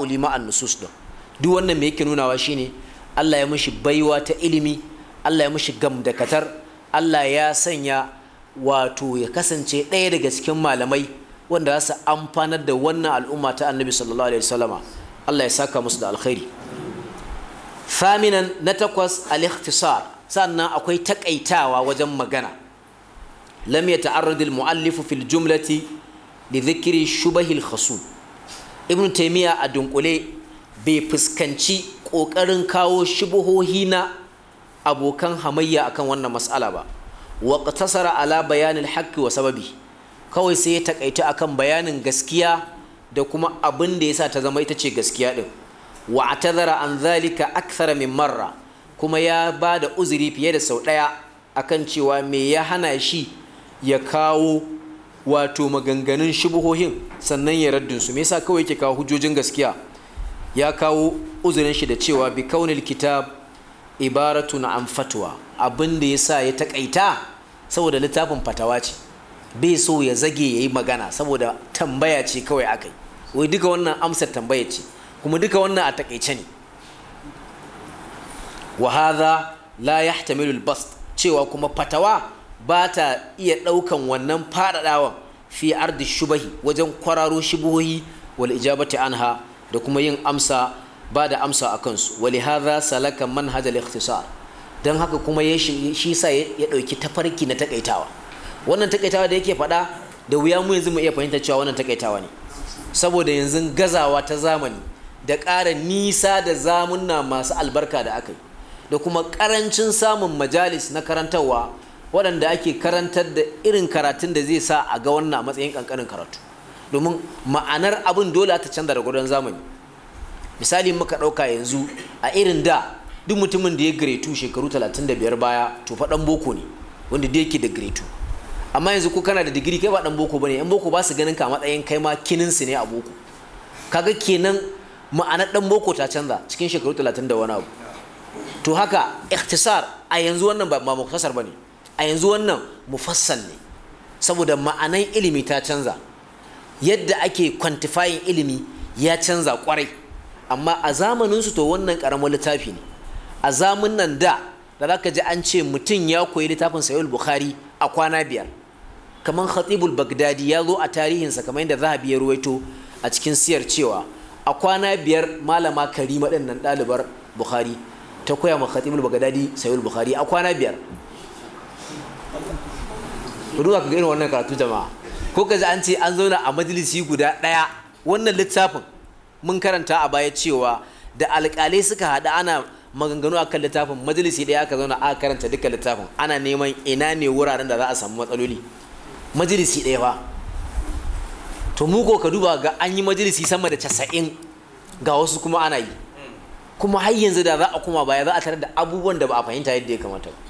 ulima an nusus din duk wannan me yake nunawa shine Allah ya mishi baiwa ta ilimi Allah ya mishi gamdakatar Allah ya sanya wato ya kasance ɗaya daga cikin malamai wanda za su amfanar da wannan al'umma ta annabi sallallahu alaihi wasallama Allah ya saka musu da alkhairi thaminan na takwas al-ikhtisar sannan akwai takaitawa wajen magana lam yata'arrad al-mu'allif fi al-jumlati li dhikri shubahil khasum ibn taimiya a dunkule bai fuskanci ƙoƙarin kawo shubuhohi na abokan hamayya akan wannan matsala ba wa ala bayanin haƙƙi wa sababi kawai sai ya takaita akan bayanin gaskiya da kuma abin da yasa ta zama ita ce gaskiya ɗin. wa atadhara an zalika akthara min marra kuma ya ba da uzuri fiye da sau ɗaya akan cewa me ya hana shi ya kawo wato maganganun shubuhohin sannan ya raddin su me yasa kawai yake kawo hujjojin gaskiya ya kawo uzurin shi da cewa bi kaunil kitab ibaratun an fatwa abin da yasa ya takaita saboda littafin fatawa ce bai so ya zage yayi magana saboda tambaya ce kawai akai wai duka wannan amsar tambaya ce kuma duka wannan a takaice ne wa hadha la yahtamilu al cewa kuma fatawa bata iya ɗaukan wannan faɗaɗawan fi ardi shubahi wajen kwararo shubuhohi wal ijabati anha da kuma yin amsa ba da amsa a kansu wali hadha salaka manhaj al ikhtisar dan haka kuma ya shi sa ya dauki tafarki na takaitawa wannan takaitawa da yake faɗa da wuya mu yanzu mu iya fahimta cewa wannan takaitawa ne saboda yanzu gazawa ta zamani da ƙara nisa da zamunna masu albarka da aka yi da kuma ƙarancin samun majalis na karantarwa waɗanda ake karantar da irin karatun da zai sa a ga wannan a matsayin ƙanƙanin karatu domin ma'anar abin dole ta canza da gudun zamani misali muka ɗauka yanzu a irin da duk mutumin da ya gretu shekaru 35 baya to fa ɗan boko ne wanda da yake da gretu amma yanzu ko kana da digiri kai ba ɗan boko bane yan boko ba su ganin ka matsayin kai ma kininsu ne a boko kaga kenan ma'anar ɗan boko ta canza cikin shekaru 30 da wani abu to haka ikhtisar a yanzu wannan ba muktasar ne. a yanzu wannan mufassal ne saboda ma'anan ilimi ta canza yadda ake kwantifayin ilimi ya canza kwarai amma a zamaninsu to wannan karamar littafi ne a zamanin nan da da za ka ji an ce mutum ya koyi littafin sayul bukhari a kwana biyar kamar khatibul bagdadi ya zo a tarihinsa kamar yadda zahabi ya ruwaito a cikin siyar cewa a kwana biyar malama karima ɗin nan ɗalibar bukhari ta koya ma khatibul bagdadi sayul bukhari a kwana biyar ku duba ka ga irin wannan karatu jama'a ko ka ji an ce an zauna a majalisi guda daya wannan littafin mun karanta a baya cewa da alƙalai suka haɗu ana maganganu akan littafin majalisi ɗaya aka zauna aka karanta duka littafin ana neman ina ne wuraren da za a samu matsaloli majalisi ɗaya fa to mu ko ka duba ga an yi majalisi sama da casa'in ga wasu kuma ana yi kuma har yanzu da za a koma baya za a tarar da abubuwan da ba a fahimta yadda ya kamata ba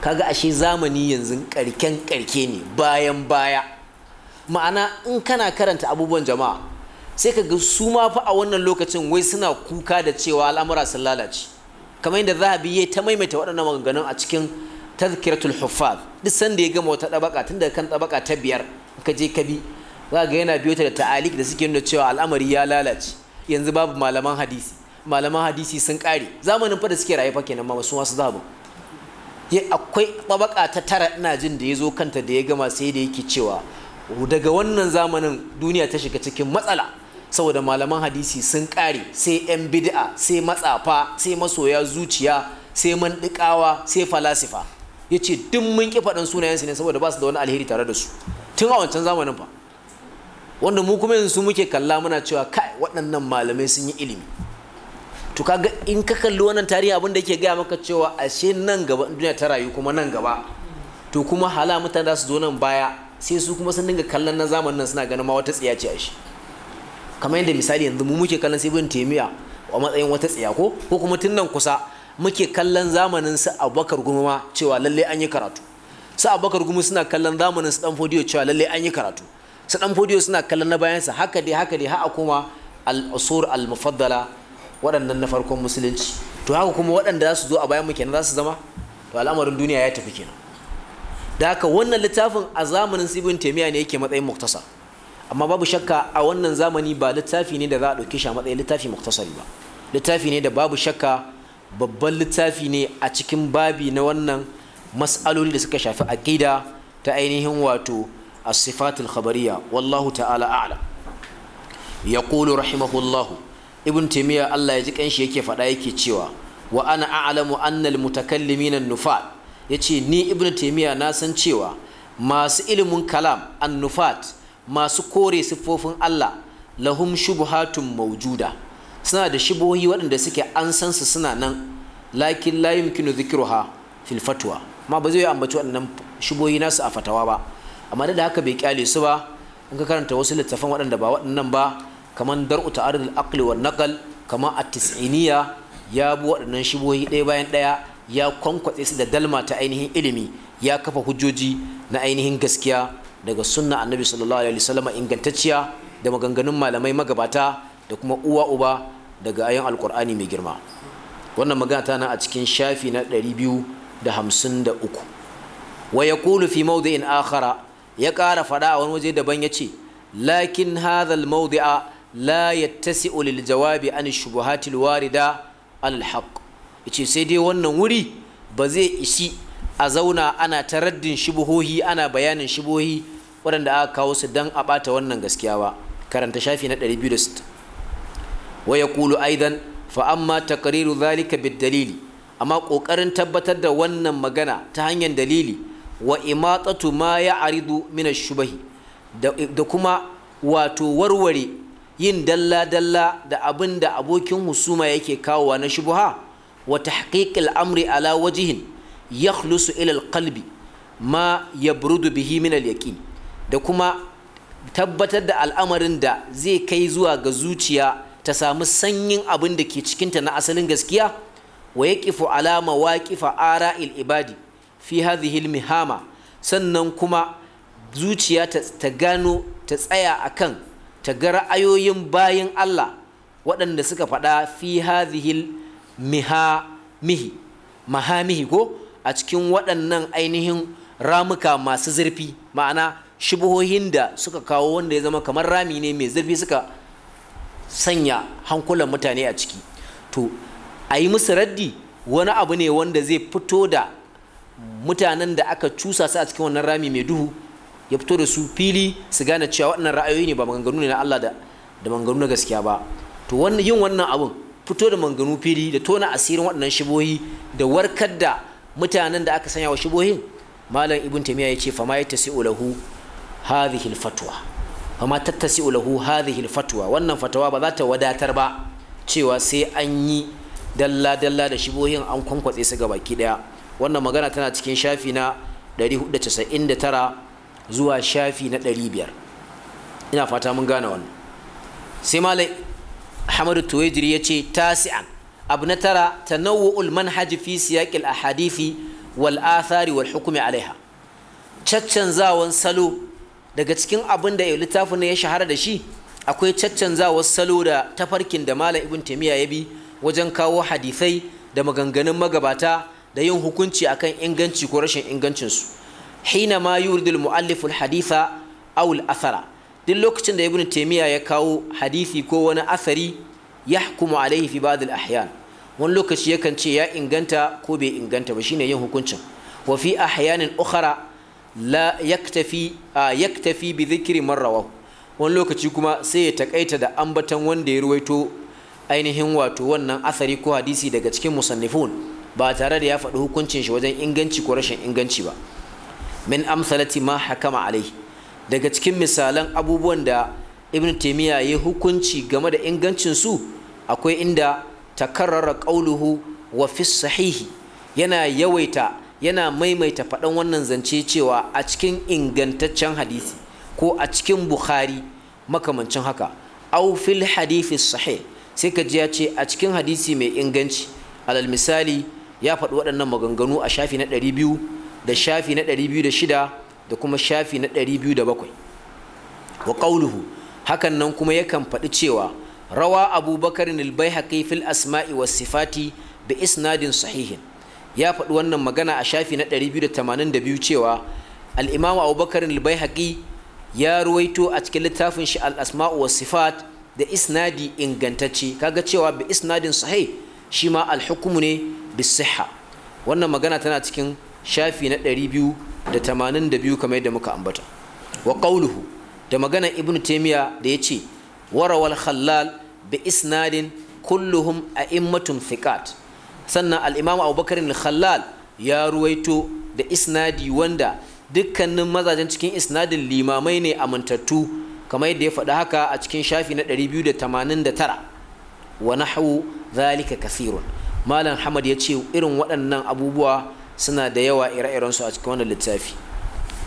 kaga ashe zamani yanzu karken karke ne bayan baya ma'ana in kana karanta abubuwan jama'a sai ka ga su ma fa a wannan lokacin wai suna kuka da cewa al'amura sun lalace kamar yadda zahabi ya ta maimaita waɗannan maganganun a cikin tazkiratul huffaz duk sanda ya gama wata ɗabaka tun daga kan ɗabaka ta biyar ka je ka bi za ga yana biyo ta da ta'alik da suke nuna cewa al'amari ya lalace yanzu babu malaman hadisi malaman hadisi sun ƙare zamanin fa da suke raye fa kenan ma su masu zahabin akwai tabaka ta tara ina jin da ya zo kanta da ya gama sai da yake cewa daga wannan zamanin duniya ta shiga cikin matsala saboda malaman hadisi sun kare sai 'yan bid'a sai matsafa sai masoya zuciya sai mandikawa sai falasifa ya ce duk mun ƙi faɗin sunayensu ne saboda ba su da wani alheri tare da su tun a wancan zamanin fa wanda mu kuma yanzu muke kalla muna cewa kai waɗannan malamai sun yi ilimi to kaga in ka kalli wannan tarihi abin da yake gaya maka cewa ashe nan gaba duniya ta rayu kuma nan gaba to kuma hala mutane da su zo nan baya sai su kuma sun dinga kallon na zamanin nan suna ganin ma wata tsiya ce shi kamar yadda misali yanzu mu muke kallon sai bin taimiya a matsayin wata tsiya ko ko kuma tun nan kusa muke kallon zamanin su abubakar ma cewa lalle an yi karatu su abubakar gumi suna kallon zamanin su dan fodiyo cewa lalle an yi karatu su dan fodiyo suna kallon na bayansa haka dai haka dai har a koma al-usur al-mufaddala waɗannan na farkon musulunci to haka kuma waɗanda za su zo a bayan mu kenan za su zama to al'amarin duniya ya tafi kenan da haka wannan littafin a zamanin sibin taimiyya ne yake matsayin muktasa amma babu shakka a wannan zamani ba littafi ne da za a ɗauki shi a matsayin littafi muktasari ba littafi ne da babu shakka babban littafi ne a cikin babi na wannan mas'aloli da suka shafi aqida ta ainihin wato as-sifatul khabariya wallahu ta'ala a'lam yaqulu rahimahullahu ibn taimiya Allah ya ji kanshi yake faɗa yake cewa wa ana a'lamu annal mutakallimin nufat ya ce ni ibn taimiya na san cewa masu ilimin kalam an-nufat masu kore siffofin Allah lahum shubuhatun maujuda suna da shubuhi waɗanda suke an san su suna nan lakin la yumkinu dhikruha fil fatwa ma ba zai ambaci waɗannan shubuhi nasu a fatawa ba amma da haka bai kyale su ba in ka karanta wasu littafan waɗanda ba waɗannan ba kamar dar'u ta'arud al-aql naqal kamar at-tis'iniya ya bu waɗannan shibohi ɗaya bayan ɗaya ya kwankwatse su da dalma ta ainihin ilimi ya kafa hujjoji na ainihin gaskiya daga sunna annabi sallallahu alaihi wasallam ingantacciya da maganganun malamai magabata da kuma uwa uba daga ayan alkur'ani mai girma wannan magana ta na a cikin shafi na 253 wa yaqulu fi mawdi'in akhara ya ƙara faɗa a wani waje daban ya ce lakin hadha almawdi'a la yattasi'u lil jawabi an shubuhati al warida al haqq yace sai dai wannan wuri ba zai ishi a zauna ana taraddin shubuhohi ana bayanin shubuhohi waɗanda aka kawo su dan a bata wannan gaskiya ba karanta shafi na 260 wa yaqulu aidan fa amma taqriru zalika bid dalili amma kokarin tabbatar da wannan magana ta hanyar dalili wa imatatu ma ya min ash-shubahi da kuma wato warware yin dalla-dalla da abin da abokin husuma yake kawowa na shubuha wa tahqiqil amri ala wajihin yakhlusu ilal kalbi ma ya burudu bihi min alyaqin da kuma tabbatar da al'amarin da zai kai zuwa ga zuciya ta samu sanyin abin da ke cikinta na asalin gaskiya wa yaqifu ala mawaqifa ara'il ibadi fi hadhihi hama sannan kuma zuciya ta gano ta tsaya akan ta ga ra'ayoyin bayan Allah waɗanda suka faɗa fi hazihil mihamihi mahamihi ko a cikin waɗannan ainihin ramuka masu zurfi ma'ana shubuhohin da suka kawo wanda ya zama kamar rami ne mai zurfi suka sanya hankulan mutane a ciki to a yi musu raddi wani abu ne wanda zai fito da mutanen da aka cusa su a cikin wannan rami mai duhu ya fito da su fili su gane cewa waɗannan ra'ayoyi ne ba maganganu ne na Allah da da maganganu na gaskiya ba to wannan yin wannan abun fito da maganganu fili da tona asirin waɗannan shibohi da warkar da mutanen da aka sanya wa shibohin malam ibn taymiya ya ce fama yattasi'u lahu hadhihi al-fatwa fama tattasi'u lahu hadhihi al-fatwa wannan fatawa ba za ta wadatar ba cewa sai an yi dalla dalla da shibohin an kwankwatse su ga baki daya wannan magana tana cikin shafi na 499 zuwa shafi na ɗari biyar ina fata mun gane wannan sai malai hamadu tuwajiri ya ce tasi'an abu na tara tanawu'ul manhaji fi siyaƙil ahadithi wal athari wal hukumi alaiha caccanzawan salo daga cikin abin da littafin ya shahara da shi akwai caccanzawar salo da tafarkin da malam ibn taimiyya ya bi wajen kawo hadisai da maganganun magabata da yin hukunci akan inganci ko rashin ingancinsu hina ma yuridul mualliful haditha awul asara duk lokacin da ya ibn taymiya ya kawo hadisi ko wani asari yahkumu alaihi fi ba'd al ahyan wani lokaci yakan ce ya inganta ko bai inganta ba shine yin hukuncin wa fi ahyanin ukhra la yaktafi yaktafi bi dhikri wani lokaci kuma sai ya takaita da ambatan wanda ya ruwaito ainihin wato wannan asari ko hadisi daga cikin musannifun ba tare da ya faɗi hukuncin shi wajen inganci ko rashin inganci ba min amsalati ma hakama alai daga cikin misalan abubuwan da ibn taymiya ya hukunci game da ingancin su akwai inda takarrara qauluhu wa fi sahihi yana yawaita yana maimaita faɗan wannan zance cewa a cikin ingantaccen hadisi ko a cikin bukhari makamancin haka au fil hadisi sahih sai ka ji ya ce a cikin hadisi mai inganci alal misali ya faɗi waɗannan maganganu a shafi na ɗari biyu da shafi na 206 da kuma shafi na 207 wa qawluhu hakan nan kuma yakan faɗi cewa rawa abubakar al-baihaqi fil asma'i was sifati bi isnadin sahihin ya faɗi wannan magana a shafi na 282 cewa al abubakar al-baihaqi ya ruwaito a cikin littafin shi al-asma'u was sifat da isnadi ingantacce kaga cewa bi isnadin sahih shi ma alhukumu ne bi sihha wannan magana tana cikin shafi na 282 kamar yadda muka ambata wa ƙauluhu da magana ibnu taymiya da ya ce warawal khallal bi isnadin kulluhum a'immatun thiqat sannan al-imam abubakar al-khallal ya ruwaito da isnadi wanda dukkanin mazajen cikin isnadin limamai ne amintattu kamar yadda ya faɗi haka a cikin shafi na tara wa nahwu zalika kasirun malam hamad ya ce irin waɗannan abubuwa suna da yawa ire-iren su a cikin wannan littafi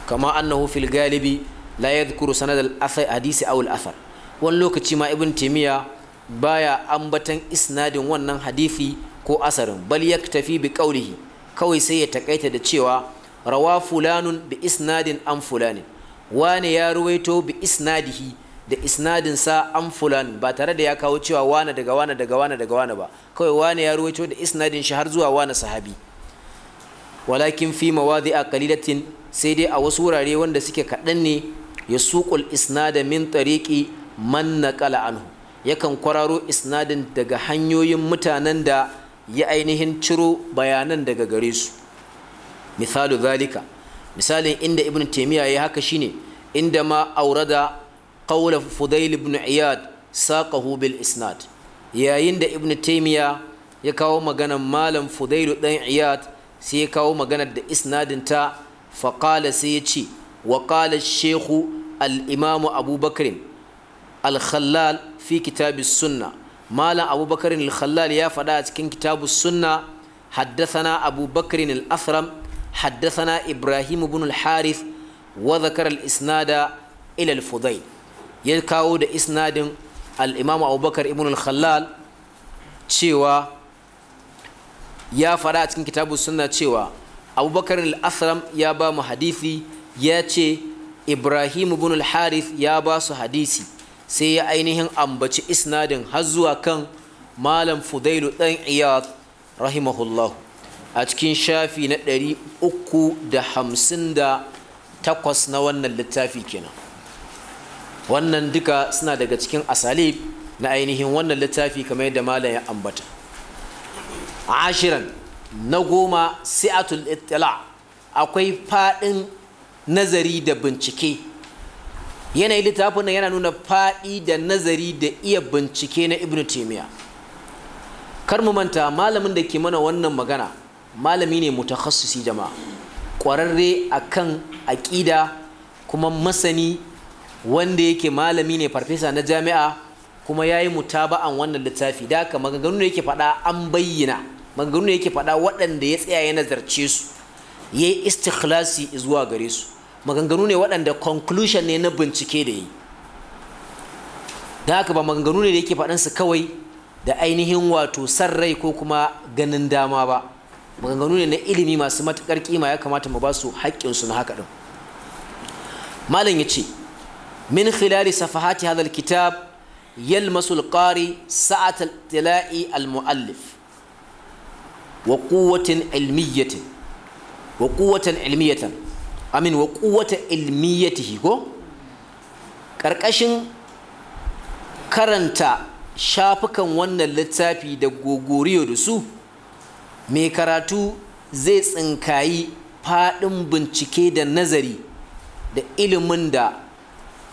kama annahu fil galibi la yadhkuru sanad al hadisi aw al athar wani lokaci ma ibn timiya baya ambatan isnadin wannan hadisi ko asarin bal yaktafi bi qawlihi kawai sai ya takaita da cewa rawa fulanun bi isnadin an fulanin wani ya ruwaito bi isnadihi da sa an fulan ba tare da ya kawo cewa wane daga wane daga wane daga wane ba kawai wani ya ruwaito da isnadin shi har zuwa wani sahabi walakin fi mawadi a kalilatin sai dai a wasu wurare wanda suke kaɗan ne ya suƙul isnada min tariƙi man naƙala anhu yakan kwararo isnadin daga hanyoyin mutanen da ya ainihin ciro bayanan daga gare su misalu zalika misalin inda ibn taimiya ya haka shine inda ma aurada qawla fudail ibn iyad saqahu bil isnad yayin da ibn taimiya ya kawo maganan malam fudailu dan iyad sai ya kawo magana da isnadinta faƙala sai ya ce wa ƙala al’imamu abubakar al-khallal fi kitabis sunna malam abubakar al ya faɗa a cikin kitabis sunna haddathana abubakar al-afram ibrahim ibn al-harith wa zakar al-isnada ila fudai ya kawo da isnadin al abubakar ibn al cewa ya fara a cikin kitabu suna cewa abubakar al ya ba mu hadisi ya ce ibrahim ibn al-harith ya ba su hadisi sai ya ainihin ambaci isnadin har zuwa kan malam fudailu dan iyad rahimahullah a cikin shafi na ɗari 358 na wannan littafi kenan wannan duka suna daga cikin asalib na ainihin wannan littafi kamar yadda malam ya ambata ashirin na goma si'atul itila akwai faɗin nazari da bincike yanayin littafin nan yana nuna faɗi da nazari da iya bincike na ibnu taimiya kar mu manta malamin da ke mana wannan magana malami ne mutakhassisi jama'a ƙwararre akan aƙida kuma masani wanda yake malami ne farfesa na jami'a kuma ya yi mutaba'an wannan littafi da haka maganganu da yake faɗa an bayyana maganganu yake faɗa waɗanda ya tsaya ya nazarce su ya yi istikhlasi zuwa gare su maganganu ne waɗanda conclusion ne na bincike da yi da haka ba maganganu ne da yake faɗan su kawai da ainihin wato san rai ko kuma ganin dama ba maganganu ne na ilimi masu matuƙar kima ya kamata mu ba su haƙƙinsu na haka ɗin malam ya ce min khilali safahati hadha alkitab yalmasu alqari sa'at al-tila'i al-mu'allif wa quwwatin ilmiyyatin wa quwwatan ilmiyyatin amin wa ko ƙarƙashin karanta shafukan wannan littafi da gogoriyo da su mai karatu zai tsinkayi faɗin bincike da nazari da ilimin da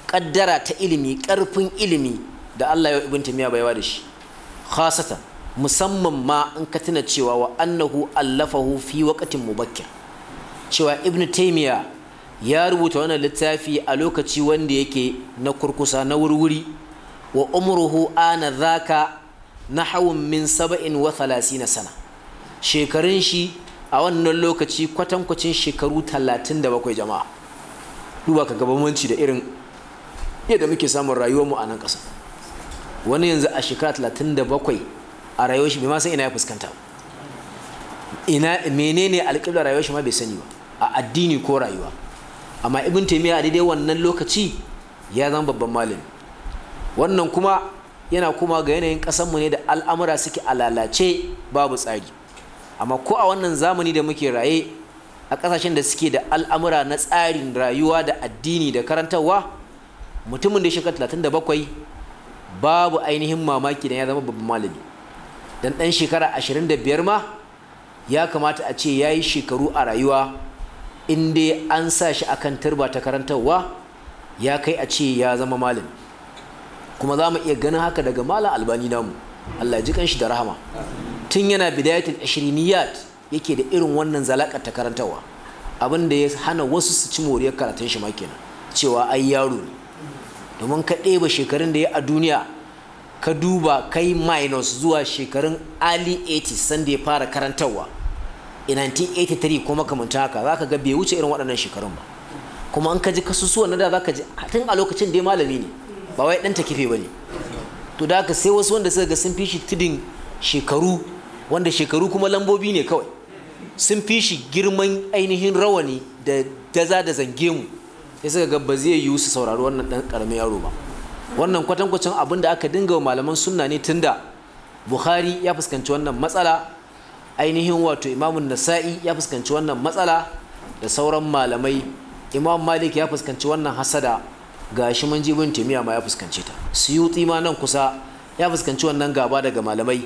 ƙaddara ta ilimi ƙarfin ilimi da Allah ya ibn Taymiyyah wa da shi khasatan musamman ma in ka tuna cewa wa annahu allafahu fi waqtin mubakkir cewa ibn taymiya ya rubuta wannan littafi a lokaci wanda yake na kurkusa na wurwuri wa umruhu ana zaka nahawun min saba'in wa thalathina sana shekarun shi a wannan lokaci kwatankwacin shekaru 37 jama'a duba ka gabamanci da irin yadda muke samun rayuwarmu a nan ƙasa wani yanzu a shekara 37 a rayuwar shi bai ma san ina ya fuskanta ina menene alƙibla rayuwar shi ma bai sani ba a addini ko rayuwa amma ibn taymiya a daidai wannan lokaci ya zama babban malami wannan kuma yana kuma ga yanayin ƙasar mu ne da al'amura suke alalace babu tsari amma ko a wannan zamani da muke raye a kasashen da suke da al'amura na tsarin rayuwa da addini da karantarwa mutumin da shekara 37 babu ainihin mamaki da ya zama babban malami dan dan shekara 25 ma ya kamata a ce yayi shekaru a rayuwa in dai an sa shi akan turba ta karantarwa ya kai a ce ya zama malami kuma za mu iya ganin haka daga malam albani namu Allah ji kanshi da rahama tun yana bidayatul ashriniyat yake da irin wannan zalakar ta karantarwa abin da ya hana wasu su ci moriyar karatun shi ma kenan cewa ai yaro ne domin ka ɗeba shekarun da ya a duniya ka duba kai minus zuwa shekarun early 80s sanda ya fara karantarwa in 1983 ko makamanta haka za ka ga bai wuce irin waɗannan shekarun ba kuma an ka ji kasusuwan na da za ka ji tun a lokacin dai malami ne ba wai ɗanta kife ba ne to da haka sai wasu wanda suka ga sun fi shi tudin shekaru wanda shekaru kuma lambobi ne kawai sun fi shi girman ainihin rawani da daza da zange mu sai suka ga ba zai yiwu su saurari wannan ɗan ƙaramin yaro ba wannan kwatankwacin abin da aka dinga wa malaman sunna ne tunda bukhari ya fuskanci wannan matsala ainihin wato imamun nasa'i ya fuskanci wannan matsala da sauran malamai imam malik ya fuskanci wannan hasada ga shi manjibin taimiyya ma ya fuskanci ta suyuti ma nan kusa ya fuskanci wannan gaba daga malamai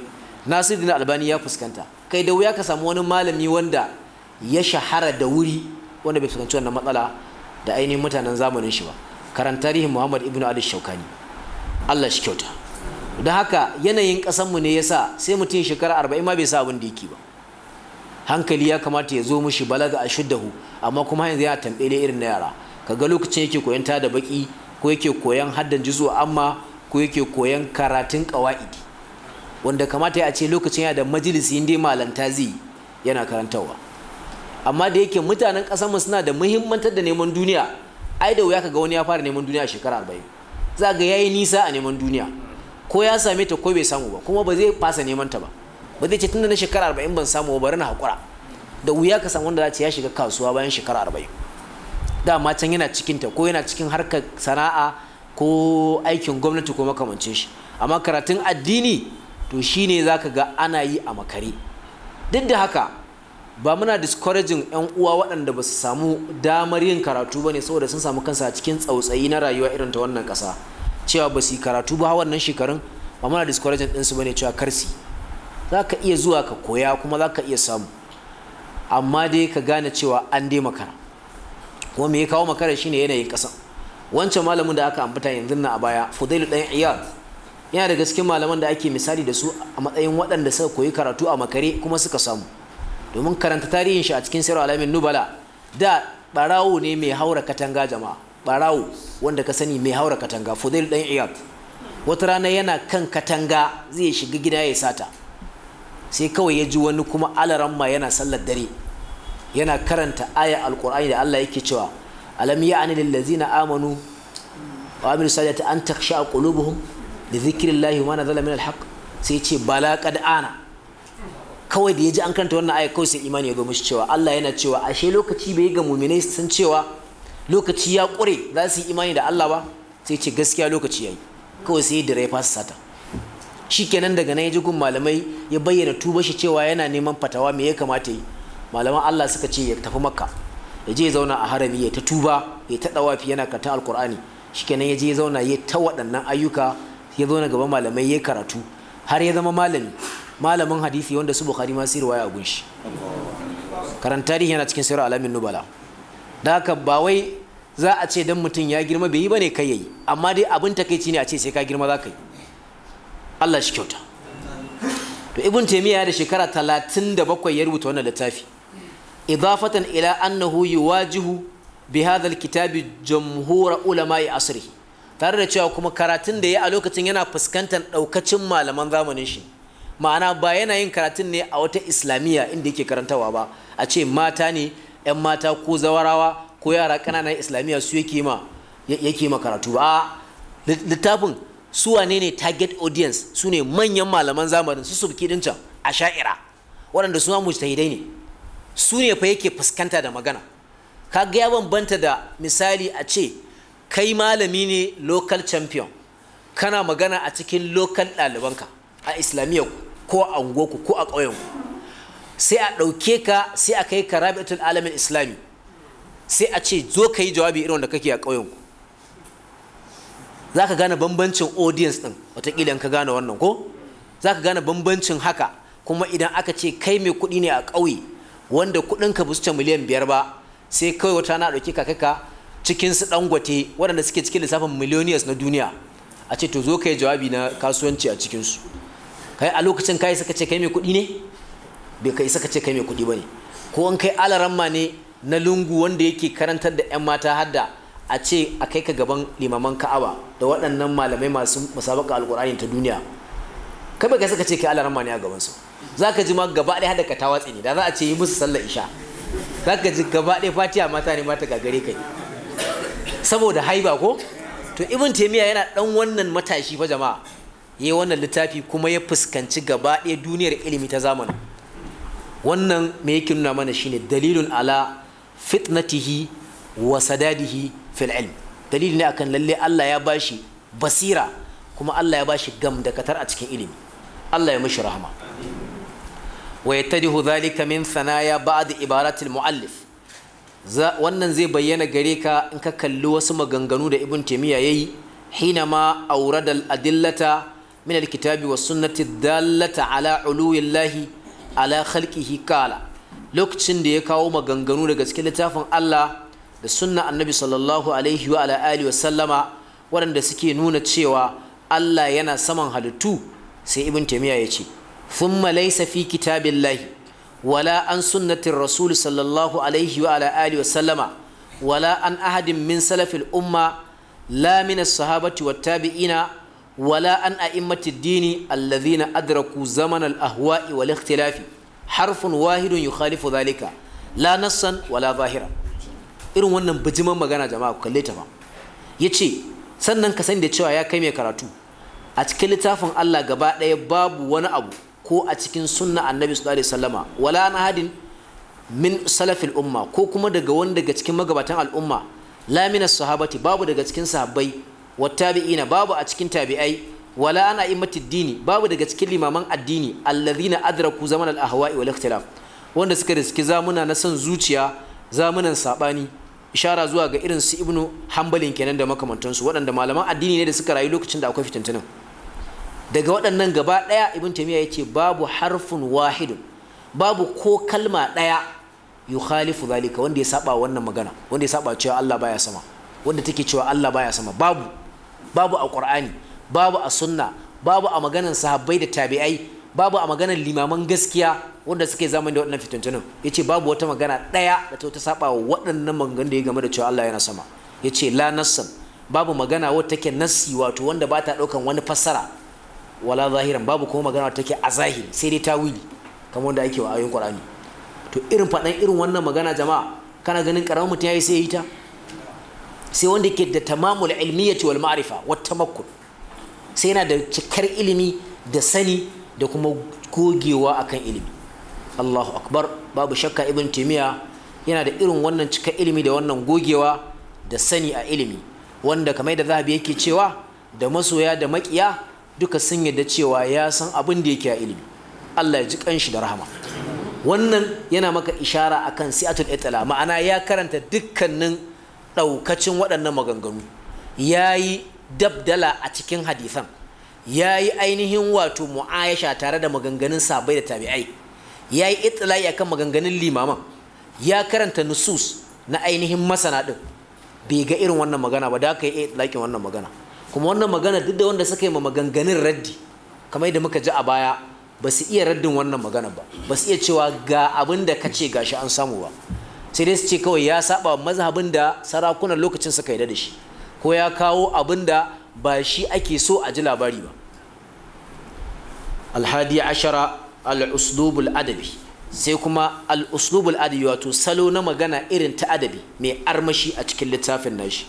nasiruddin albani ya fuskanta kai da wuya ka samu wani malami wanda ya shahara da wuri wanda bai fuskanci wannan matsala da ainihin mutanen zamanin shi ba karan tarihin Muhammad ibn Ali Shaukani Allah shi kyauta don haka yanayin ƙasanmu ne yasa sai mutum shekara arba'in ma bai sa abin da yake ba hankali ya kamata ya zo mushi balaga a shuddahu amma kuma yanzu ya tambaye irin na yara kaga lokacin yake koyan ta da baki ko yake koyan haddan jizo amma ko yake koyan karatun qawaidi wanda kamata ya ce lokacin ya da majalisi inda malanta zai yana karantawa amma da yake mutanen kasanmu suna da muhimmantar da neman duniya ai da wuya kaga wani ya fara neman duniya a shekara arba'in za ga yi nisa a neman duniya ko ya same ta ko bai samu ba kuma ba zai fasa neman ta ba ba zai ce tunda na shekara arba'in ban samu ba bari na haƙura da wuya ka samu wanda za ta ya shiga kasuwa bayan shekara arba'in ma can yana cikin ta ko yana cikin harkar sana'a ko aikin gwamnati ko makamancin shi amma karatun addini to shine ka ga ana yi a makare duk da haka ba muna discouraging yan uwa waɗanda ba su samu damar yin karatu ba ne saboda sun samu kansa a cikin tsautsayi na rayuwa irin ta wannan ƙasa cewa ba su yi karatu ba wannan shekarun ba muna discouraging ɗinsu ba ne cewa karsi za ka iya zuwa ka koya kuma za ka iya samu amma dai ka gane cewa an dai makara kuma me ya kawo makara shine yanayin ƙasa wancan malamin da aka ambata yanzu na a baya fudailu ɗan iyad yana da gaske malaman da ake misali da su a matsayin waɗanda suka koyi karatu a makare kuma suka samu domin karanta tarihin shi a cikin sirri alamin nubala da barawo ne mai haura katanga jama'a barawo wanda ka sani mai haura katanga fudail dan iyad wata rana yana kan katanga zai shiga gida ya sata sai kawai ya ji wani kuma alaran ma yana sallar dare yana karanta aya alqur'ani da Allah yake cewa alam ya'ni lil ladzina amanu wa amilu salihati an taksha qulubuhum li dhikrillahi wa ma nazala min alhaq sai ce bala qad ana kawai da ya ji an karanta wannan aya kawai sai imani ya zo mishi cewa Allah yana cewa ashe lokaci bai ga muminai san cewa lokaci ya kure za su yi imani da Allah ba sai ce gaskiya lokaci yayi kawai sai da ya fasa sata shi kenan daga nan ya ji gun malamai ya bayyana tuba shi cewa yana neman fatawa me ya kamata yi malaman Allah suka ce ya tafi makka ya je ya zauna a harami ya ta tuba ya ta dawafi yana karatun shi kenan ya je ya zauna ya ta waɗannan ayyuka ya zo na gaban malamai ya karatu har ya zama malami malamin hadisi wanda su bukhari ma su riwaya a gunshi karanta tarihi yana cikin sirar alamin nubala da haka ba wai za a ce dan mutum ya girma bai yi ne kai yayi amma dai abin takaici ne a ce sai ka girma za ka yi Allah shi kyauta to ibn ya da shekara bakwai ya rubuta wannan littafi idafatan ila annahu yuwajihu bi hadha alkitabi jumhur ulama'i asri tare da cewa kuma karatun da ya a lokacin yana fuskantar daukacin malaman zamanin shi ma'ana ba yana yin karatun ne a wata islamiyya inda yake karantawa ba a ce mata ne 'yan mata ko zawarawa ko yara ƙananan islamiyya su yake ma yake ma karatu ba littafin su wane ne target audience su ne manyan malaman zamanin su subki din can a sha'ira waɗanda su ma mujtahidai ne su ne fa yake fuskanta da magana ka ga ya bambanta da misali a ce kai malami ne local champion kana magana a cikin local ɗalibanka a islamiyya ku ko a unguwarku ko a ƙauyenku sai a ɗauke ka sai a kai ka alamin islami sai a ce zo ka yi jawabi irin da kake a ƙauyenku za ka gane bambancin audience ɗin wataƙila in ka gane wannan ko za ka gane bambancin haka kuma idan aka ce kai mai kuɗi ne a ƙauye wanda kuɗinka ba su ce miliyan biyar ba sai kawai wata na ɗauke ka kaka cikin su dangote waɗanda suke cikin lissafin millionaires na duniya a ce to zo ka yi jawabi na kasuwanci a cikinsu kai a lokacin kai saka ce kai mai kuɗi ne bai kai saka ce kai mai kuɗi bane ko an kai alaramma ne na lungu wanda yake karantar da yan mata hadda a ce a kai ka gaban limaman ka'aba da waɗannan malamai masu musabaka alƙur'ani ta duniya kai bai kai saka ce kai alaramma ne a gaban su zaka ji ma gaba ɗaya hadda ka watsi ne da za a ce yi musu sallar isha zaka ji gaba ɗaya fatiha mata ne mata gagare kai saboda haiba ko to ibn taymiya yana dan wannan matashi fa jama'a yi wannan littafi kuma ya fuskanci gaba ɗaya duniyar ilimi ta zamani wannan me yake nuna mana shine dalilun ala fitnatihi wa sadadihi fil ilm dalili ne akan lalle Allah ya bashi basira kuma Allah ya bashi gam gamdakatar a cikin ilimi Allah ya mishi rahama wa yattadihu dhalika min thanaya ba'd al muallif wannan zai bayyana gare ka in ka kalli wasu maganganu da ibn taymiya yayi hina ma auradal adillata من الكتاب والسنة الدالة على علو الله على خلقه قال lokacin da ya kawo maganganu daga cikin littafin Allah da sunna annabi sallallahu alaihi wa alihi wa sallama waɗanda suke nuna cewa Allah yana saman halittu sai ibn taymiya ya ce thumma laysa fi kitabillahi wala an sunnatin rasul sallallahu alaihi wa alihi wa sallama wala an ahadin min salafil umma la min as-sahabati wat tabi'ina wala an a'immati dini allazina adraku zaman al-ahwa'i wal harfin harfun wahidun yukhalifu zalika la nassan wala zahira irin wannan bijiman magana jama'a ku kalle ta ba yace sannan ka sani da cewa ya kai mai karatu a cikin littafin Allah gaba ɗaya babu wani abu ko a cikin sunna annabi sallallahu alaihi wasallama wala na hadin min salafil umma ko kuma daga wani daga cikin magabatan al'umma la sahabati babu daga cikin sahabbai wattabi'ina babu a cikin tabi'ai wala ana immati dini babu daga cikin limaman addini allazina adraku zaman al-ahwa'i wal ikhtilaf wanda suka riski zamuna na son zuciya zamunan sabani ishara zuwa ga irin su ibnu hanbalin kenan da makamantansu waɗanda malaman addini ne da suka rayu lokacin da akwai fitintunan daga waɗannan gaba ɗaya ibn tamiya yace babu harfun wahidu babu ko kalma ɗaya yukhalifu zalika wanda ya saba wannan magana wanda ya saba cewa Allah baya sama wanda take cewa Allah baya sama babu babu a ƙur'ani babu a sunna babu a maganan sahabbai da tabi'ai babu a maganan limaman gaskiya wanda suke zamani da waɗannan fitintunan ya ce babu wata magana ɗaya da ta wata saba wa waɗannan maganganu da ya game da cewa Allah yana sama ya ce la nassan babu magana wata take nassi wato wanda ba ta ɗaukan wani fassara wala zahiran babu kuma magana wata take a zahiri sai dai tawili kamar wanda ake wa ayoyin Qur'ani to irin faɗan irin wannan magana jama'a kana ganin ƙaramin mutum ya yi sai ya yi ta sai wanda ke da tamamul ilmiyyati wal ma'rifa wat tamakkun sai yana da cikar ilimi da sani da kuma gogewa akan ilimi Allahu akbar babu shakka ibn timiya yana da irin wannan cikar ilimi da wannan gogewa da sani a ilimi wanda kamar da zahabi yake cewa da masoya da makiya duka sun yadda cewa ya san abin da yake a ilimi Allah ya ji kanshi da rahama wannan yana maka ishara akan si'atul itala ma'ana ya karanta dukkanin ɗaukacin waɗannan maganganu ya yi dabdala a cikin hadisan ya yi ainihin wato mu'ayasha tare da maganganun sabai da tabi'ai ya yi itilai akan maganganun limaman ya karanta nusus na ainihin masana ɗin bai ga irin wannan magana ba da aka yi itilakin wannan magana kuma wannan magana duk da wanda suka yi ma maganganun raddi kamar yadda muka ji a baya ba su iya raddin wannan magana ba ba su iya cewa ga abin da ka ce gashi an samu ba sai dai su ce kawai ya saba mazhabin da sarakunan lokacin suka yarda da shi ko ya kawo abin da ba shi ake so a ji labari ba alhadi ashara al’uslubul adabi sai kuma al’uslubul adabi wato salo na magana irin ta adabi mai armashi a cikin littafin nashi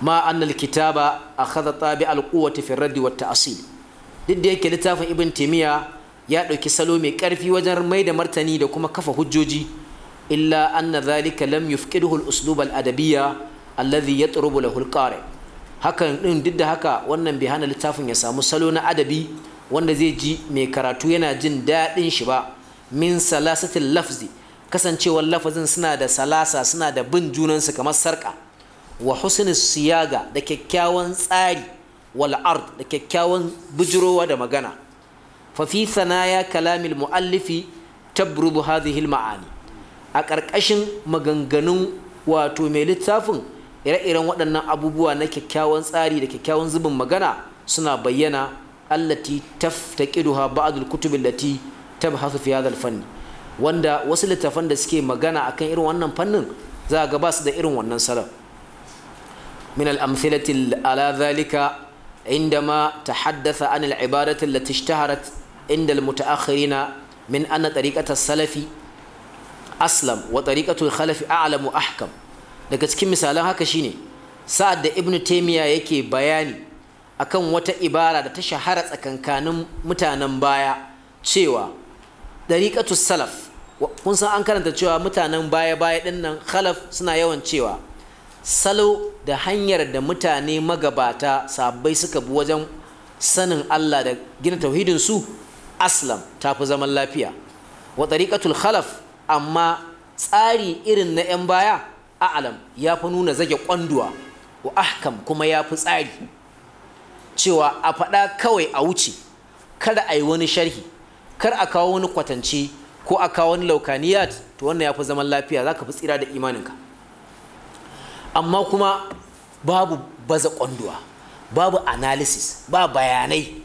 ma annal kitaba akhadha tabi al fi raddi wa ta'sil duk da yake littafin ibn timiya ya dauki salo mai karfi wajen mai da martani da kuma kafa hujjoji illa anna zalika lam yufqidhu al-uslub al-adabiyya alladhi yatrubu lahu al-qari hakan din duk da haka wannan bai hana littafin ya samu salo na adabi wanda zai ji mai karatu yana jin daɗin shi ba min salasatin lafzi kasancewar lafazin suna da salasa suna da bin junansu kamar sarka wa husni siyaga da kyakkyawan tsari wal ard da kyakkyawan bijirowa da magana fa fi thanaya kalamil muallifi tabrubu hadhihi al ma'ani a ƙarƙashin maganganun wato mai littafin ire-iren waɗannan abubuwa na kyakkyawan tsari da kyakkyawan zubin magana suna bayyana allati taftaqiduha ba'adul kutubil lati tabhasu fi hadha fanni wanda wasu littafan da suke magana akan irin wannan fannin za ga ba su da irin wannan salon min al-amthilati ala dhalika عندما تحدث عن العبادة التي اشتهرت عند المتأخرين من أن طريقة السلف aslam wa tariqatul khalafi a'lamu ahkam daga cikin misalan haka shine sa'ad da ibnu taymiya yake bayani akan wata ibara da ta shahara tsakankanin mutanen baya cewa dariqatus salaf kun san an karanta cewa mutanen baya baya din nan khalaf suna yawan cewa salo da hanyar da mutane magabata sabbai suka bi wajen sanin Allah da gina tauhidin su aslam tafi zaman lafiya wa tariqatul khalaf amma tsari irin na 'yan baya a'alam ya fi nuna zage kwanduwa wa ahkam kuma ya fi tsari cewa a faɗa kawai a wuce kada a yi wani sharhi kar a kawo wani kwatance ko a kawo wani laukaniyat to wannan ya fi zaman lafiya za ka fi tsira da imaninka amma kuma babu baza kwanduwa babu analysis ba bayanai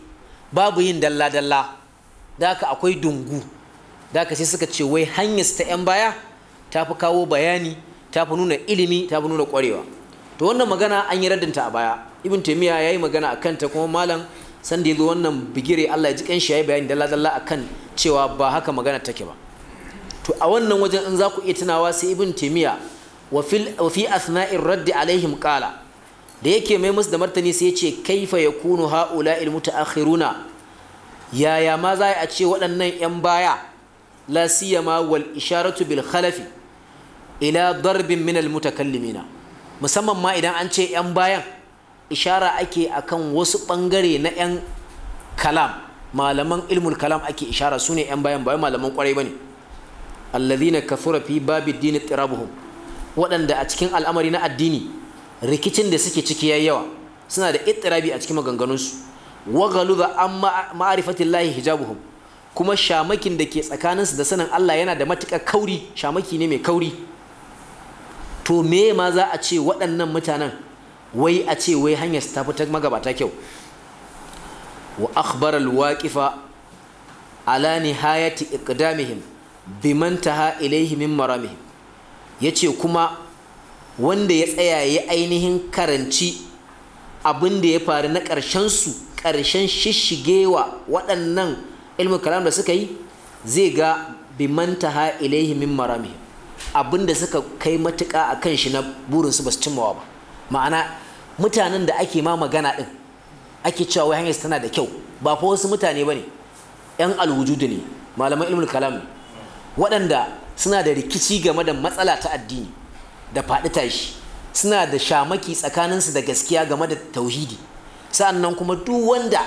babu yin dalla-dalla da haka akwai dungu da ka sai suka ce wai hanyar ta 'yan baya ta fi kawo bayani ta fi nuna ilimi ta fi nuna ƙwarewa to wannan magana an yi raddinta a baya ibn taimiyya ya yi magana a kanta kuma malam sanda ya zo wannan bigire allah ya ji kanshi ya yi bayani dalla a kan cewa ba haka magana take ba to a wannan wajen in za ku iya tunawa sai ibn taimiyya wa fi asna'in raddi alaihim qala da yake mai musu da martani sai ya ce kaifa ya kunu ha'ula ilmu ta'akhiruna yaya ma za a ce waɗannan 'yan baya la siyama wal isharatu bil khalafi ila darbin min al mutakallimina musamman ma idan an ce yan bayan ishara ake akan wasu bangare na yan kalam malaman ilmul kalam ake ishara su ne 'yan bayan bayan malaman kwarai ba ne allazina kafura babi dini tirabuhum waɗanda a cikin al'amari na addini rikicin da suke ciki yayi yawa suna da ittirabi a cikin maganganunsu wagalu da an ma'arifatin lahi hijabuhum kuma shamakin da ke tsakaninsu da sanin Allah yana da matuƙar kauri shamaki ne mai kauri to me ma za a ce waɗannan mutanen wai a ce wai hanyar ta fi ta magabata kyau wa akhbar al-waqifa ala nihayati iqdamihim biman taha ilayhi min maramihim yace kuma wanda ya tsaya ya ainihin karanci abinda ya faru na ƙarshen su ƙarshen shishigewa waɗannan ilmin kalam da suka yi zai ga ha ilaihi min marami abinda suka kai matuka a kan shi na burinsu ba su cimmawa ba ma'ana mutanen da ake ma magana din ake cewa wai hanyar tana da kyau ba fa wasu mutane bane ne 'yan alwujudu ne malaman ilmin kalam waɗanda suna da rikici game da matsala ta addini da faɗi tashi suna da shamaki tsakaninsu da gaskiya game da tauhidi sa'annan kuma duk wanda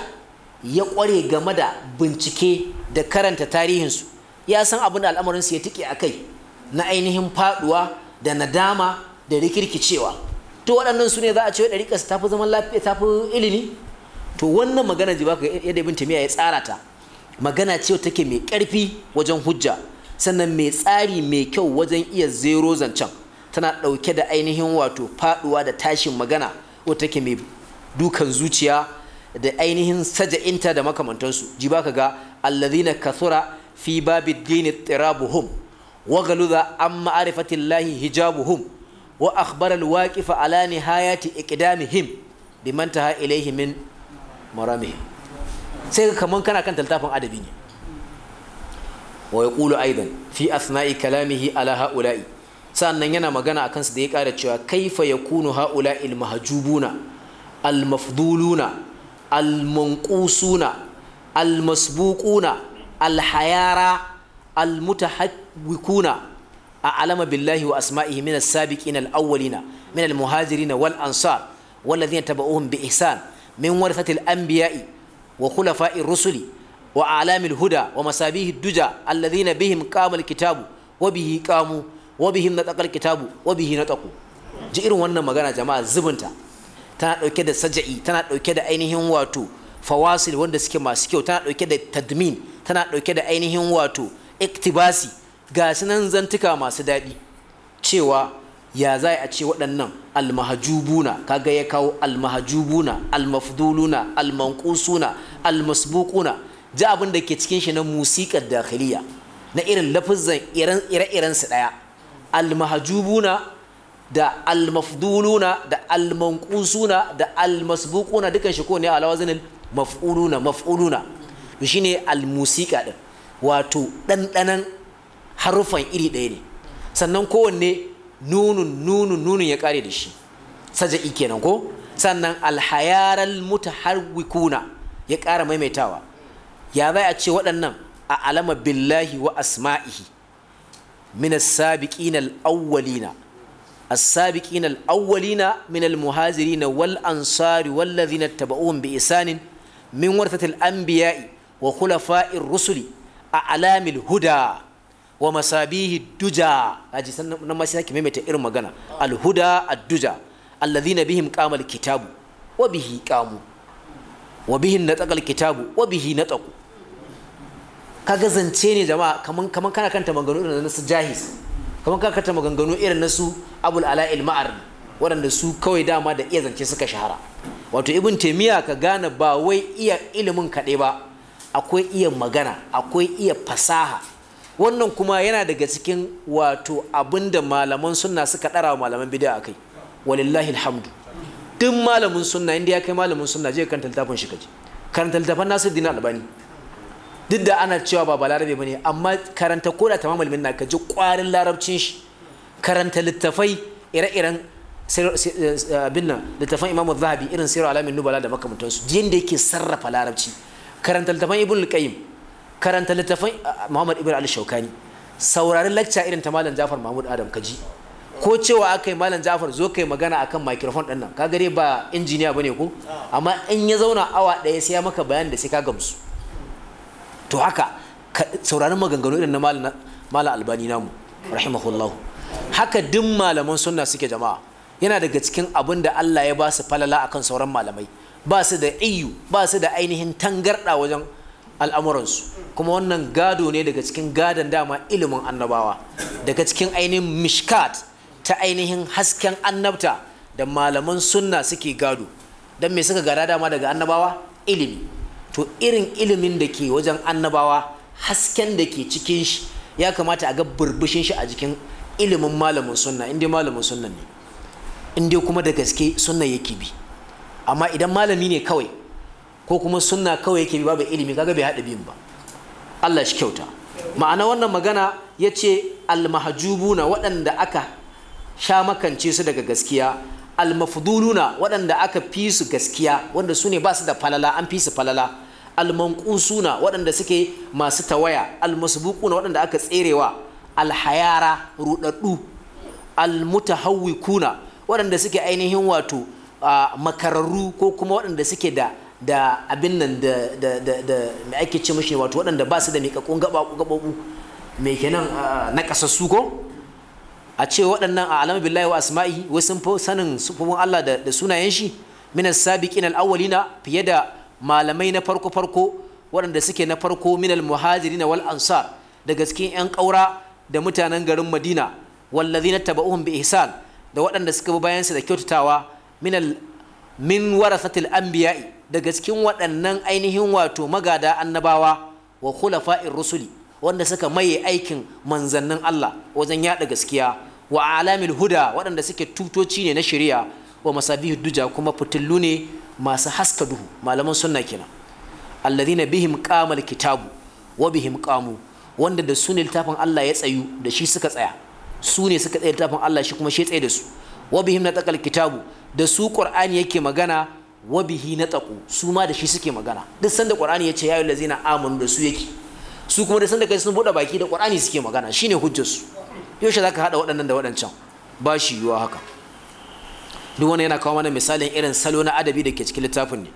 ya ƙware game da bincike da karanta tarihinsu ya san abin da al'amarinsu ya tike a kai na ainihin faduwa da nadama da rikirkicewa to waɗannan su ne za a ce ɗariƙarsa ta fi zaman lafiya ta fi ilimi to wannan magana ji baka yadda ibn tamiya ya tsara ta magana ce take mai ƙarfi wajen hujja sannan mai tsari mai kyau wajen iya zero zancen tana ɗauke da ainihin wato faɗuwa da tashin magana wata take mai dukan zuciya da ainihin saja inta da makamantansu ji ba ka ga allazina kathura fi babi dini tirabuhum wa galuza an lahi hijabuhum wa haya ti ala nihayati iqdamihim biman taha ilayhi min maramihim sai kaman kana kan taltafin adabi ne wa yaqulu aidan fi asna'i kalamihi ala haula'i sannan yana magana akan su da ya kara cewa kaifa yakunu haula'il mahjubuna al mafduluna almunqusuna almasbuquna alhayara almutahawwikuna a alama billahi wa asma'ihi min as-sabiqina al-awwalina min al-muhajirin wal ansar والذين تبعوهم بإحسان من ورثة الأنبياء وخلفاء الرسل وأعلام الهدى ومسابيه الدجى الذين بهم قام الكتاب وبه قاموا وبهم نطق الكتاب وبه نطقوا جئروا وانا مغانا جماعة زبنتا tana ɗauke da saja'i tana ɗauke da ainihin wato fawasil wanda suke masu kyau tana ɗauke da tadmin tana ɗauke da ainihin wato iktibasi ga nan zantuka masu daɗi cewa ya za a ce waɗannan almahajubuna kaga ya kawo almahajubuna almafduluna almanqusuna almasbukuna ji abin da ke cikin shi na musiƙar dakhiliya na irin lafizan ire-iren su ɗaya almahajubuna da almafduluna da almankusuna da almasbukuna dukan shi ko ne a wazanin maf'uluna maf'uluna to shine almusika din wato ɗanɗanan harufan iri ɗaya ne sannan kowanne nunun nunun nunun ya kare da shi I kenan ko sannan alhayaral mutaharwikuna ya ƙara maimaitawa ya bai a ce waɗannan a alama billahi wa asma'ihi min as-sabiqina al-awwalina السابقين الأولين من المهاجرين والأنصار والذين اتبعوهم بإحسان من ورثة الأنبياء وخلفاء الرسل أعلام الهدى ومصابيه الدجى أجي سنة ما سيحكي ميمة إرم مغانا الهدى الدجى الذين بهم قام الكتاب وبه قاموا وبه نتق الكتاب وبه نتق kaga zance ne كمان kaman kaman kana kanta maganganu na kamar ka kata maganganu irin na su abul ala'il ma'ar waɗanda su kawai dama da iya zance suka shahara wato ibn taimiyya ka gane ba wai iya ilimin kaɗai ba akwai iya magana akwai iya fasaha wannan kuma yana daga cikin wato abin da malaman sunna suka ɗara wa malaman bid'a kai walillahi alhamdu duk malamin sunna inda ya kai malamin sunna je kan littafin shi kaji kan littafin dina albani duk da ana cewa ba ba ne amma karanta ko koda tamamul minna ka ji kwarin larabcin shi karanta littafai ire-iren abin nan littafan imamu zahabi irin sirar alamin nubala da makamantansu yadda yake sarrafa larabci karanta littafan ibn al karanta littafan muhammad ibn al-shaukani saurari lacca irin ta malam jafar mahmud adam kaji ko cewa aka yi malam jafar zo kai magana akan microphone ɗin nan ka gare ba injiniya ba ne ko amma in ya zauna awa ɗaya sai ya maka bayan da sai ka gamsu to haka sauraron maganganu irin na malam albani namu rahimahullah haka duk malaman sunna suke jama'a yana daga cikin abin da Allah ya ba su falala akan sauran malamai ba su da iyu ba su da ainihin tangarda wajen al'amuransu kuma wannan gado ne daga cikin gadon dama ilimin annabawa daga cikin ainihin mishkat ta ainihin hasken annabta da malaman sunna suke gado don me suka gada dama daga annabawa ilimi to irin ilimin da ke wajen annabawa hasken da ke cikin shi ya kamata a ga burbushin shi a jikin ilimin malamin sunna inda malamin sunna ne inda kuma da gaske sunna yake bi amma idan malami ne kawai ko kuma sunna kawai yake bi babu ilimi kaga bai haɗa biyun ba Allah shi kyauta ma'ana wannan magana ya ce almahajubuna waɗanda aka sha makance su daga gaskiya almafduluna waɗanda aka fi su gaskiya wanda su ne ba su da falala an fi su falala almanqusuna waɗanda suke masu tawaya almasbuquna waɗanda aka tserewa alhayara rudaddu almutahawwikuna waɗanda suke ainihin wato makararru ko kuma waɗanda suke da da abin nan da da da da mai ake ce wato waɗanda ba su da miƙaƙƙun gaɓaɓu me kenan na ƙasassu ko a ce waɗannan a alama billahi wa asma'i wasu sanin sufufin Allah da sunayen shi minas sabiqin al-awwalina fiye da malamai na farko farko waɗanda suke na farko minal muhajirin wal ansar daga cikin yan ƙaura da mutanen garin madina na taba'uhum bi ihsan da waɗanda suka bi bayansa da kyautatawa minal min warasatil anbiya'i daga cikin waɗannan ainihin wato magada annabawa wa khulafa'ir rusuli wanda suka maye aikin manzannin Allah wajen yada gaskiya wa alamil huda waɗanda suke tutoci ne na shari'a wa masabihud duja kuma fitillu ne masu haska duhu malaman sunna kenan alladhina bihim qamal kitabu wa bihim qamu wanda da su ne littafin Allah ya tsayu da shi suka tsaya su ne suka tsaya littafin Allah shi kuma shi tsaye da su wa bihim nataqal kitabu da su qur'ani yake magana wa bihi nataqu su ma da shi suke magana duk sanda qur'ani yace ya ayyuhallazina amanu da su yake su kuma da sanda kai sun bude baki da qur'ani suke magana shine hujjar su yaushe zaka hada waɗannan da waɗancan ba shi yiwa haka duk wani yana kawo mana misalin irin salo na adabi da ke cikin littafin ne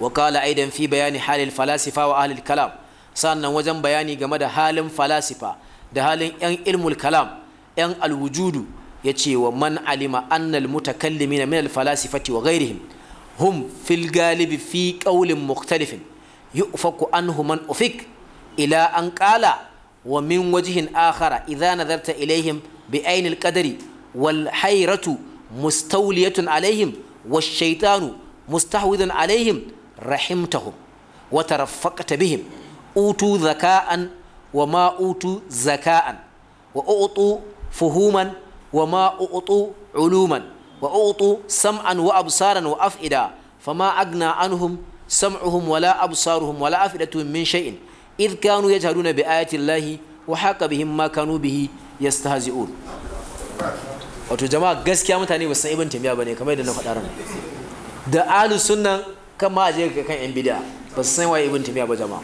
wa qala aidan fi bayani halil falasifa wa ahlil kalam sannan wajen bayani game da halin falasifa da halin yan ilmul kalam yan alwujudu ya ce wa man alima annal mutakallimina min falasifati wa ghairihim hum fil galibi fi qawlin mukhtalifin yu'faku anhu man ufik ila an qala wa min wajhin akhara idza nazarta ilaihim bi ainil qadari wal hayratu mustawliyatun alaihim wash-shaytanu mustahwidun alaihim rahimtahum wa taraffaqta bihim utu zaka'an wa ma utu zaka'an wa utu fuhuman wa ma utu uluman wa utu sam'an wa absaran wa af'ida fama agna anhum sam'uhum wala absaruhum wala afidatuhum min shay'in id kanu yajhaduna bi ayati llahi wa haqa bihim ma kanu bihi yastahzi'un wato jama'a gaskiya mutane ba san ibn taymiya bane kamar yadda na faɗa ran da alu sunnan kan ma aje ka kan yan bid'a ba su san waye ibn taymiya ba jama'a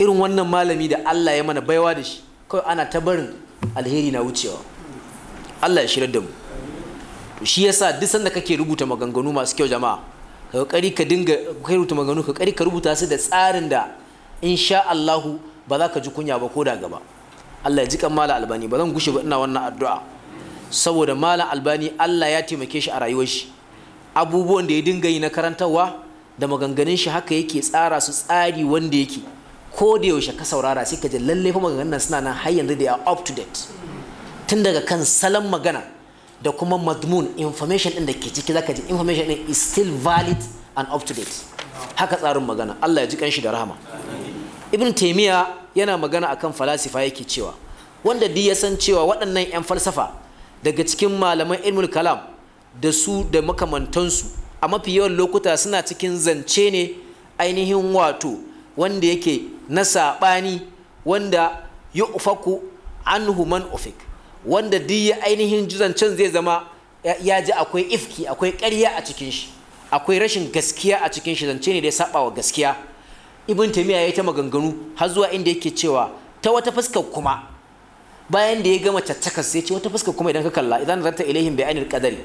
irin wannan malami da Allah ya mana baiwa da shi kawai ana ta barin alheri na wucewa Allah ya shirar da mu to shi yasa duk sanda kake rubuta maganganu masu kyau jama'a ka kokari ka dinga kai rubuta maganganu ka kokari ka rubuta su da tsarin da insha Allahu ba za ka ji kunya ba ko da gaba Allah ya ji kan mala albani ba zan gushe ba ina wannan addu'a saboda malam albani Allah ya taimake shi a rayuwar shi abubuwan da ya dinga yi na karantarwa da maganganun shi haka yake tsara su tsari wanda yake ko da yaushe ka saurara sai ka ji lalle fa maganganun suna nan har yanzu da ya up to date tun daga kan salon magana da kuma madmun information din da ke ciki zaka ji information din is still valid and up to date haka tsarin magana Allah ya ji kanshi da rahama ibn taymiya yana magana akan falasifa yake cewa wanda duk ya san cewa waɗannan 'yan falsafa daga cikin malaman ilmul kalam da su da makamantansu a mafi yawan lokuta suna cikin zance ne ainihin wato wanda yake na saɓani wanda ya ufaku an human ufik wanda ya ainihin zancen zai zama ya ji akwai ifki akwai ƙarya a cikin shi akwai rashin gaskiya a cikin shi zance ne da ya saba wa gaskiya ibn tamiya ya ta maganganu har zuwa inda yake cewa ta wata fuskar kuma bayan da ya gama caccakar sai ce wata fuska kuma idan ka kalla idan ranta ilaihim bi ainil qadari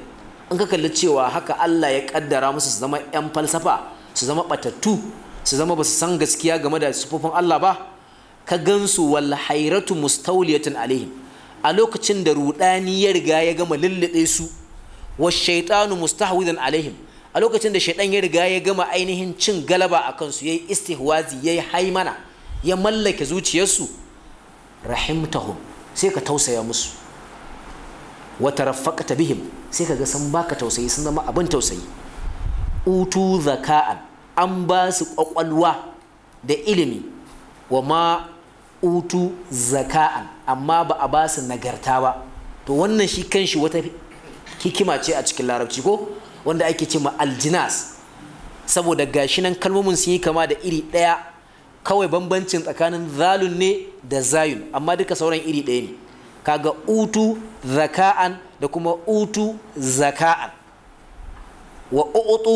in ka kalli cewa haka Allah ya kaddara musu su zama yan falsafa su zama batattu su zama ba su san gaskiya game da sufofin Allah ba ka gansu wal hayratu mustawliyatan alaihim a lokacin da rudani ya riga ya gama lullube su wa shaytanu mustahwidan alaihim a lokacin da shaytan ya riga ya gama ainihin cin galaba akan su yayi istihwazi yayi haimana ya mallake zuciyarsu rahimtahum sai ka tausaya musu wa ta bihim sai ka ga sun baka tausayi sun zama abin tausayi utu zaka'an an ba su kwakwalwa da ilimi wa ma utu zaka'an amma ba a ba su nagarta ba to wannan shi kanshi wata hikima ce a cikin larabci ko wanda ake ce ma aljinas saboda gashi nan kalmomin sun yi kama da iri ɗaya kawai bambancin tsakanin zalun ne da zayun amma duka sauran iri ɗaya ne kaga utu zaka'an da kuma utu zaka'an wa utu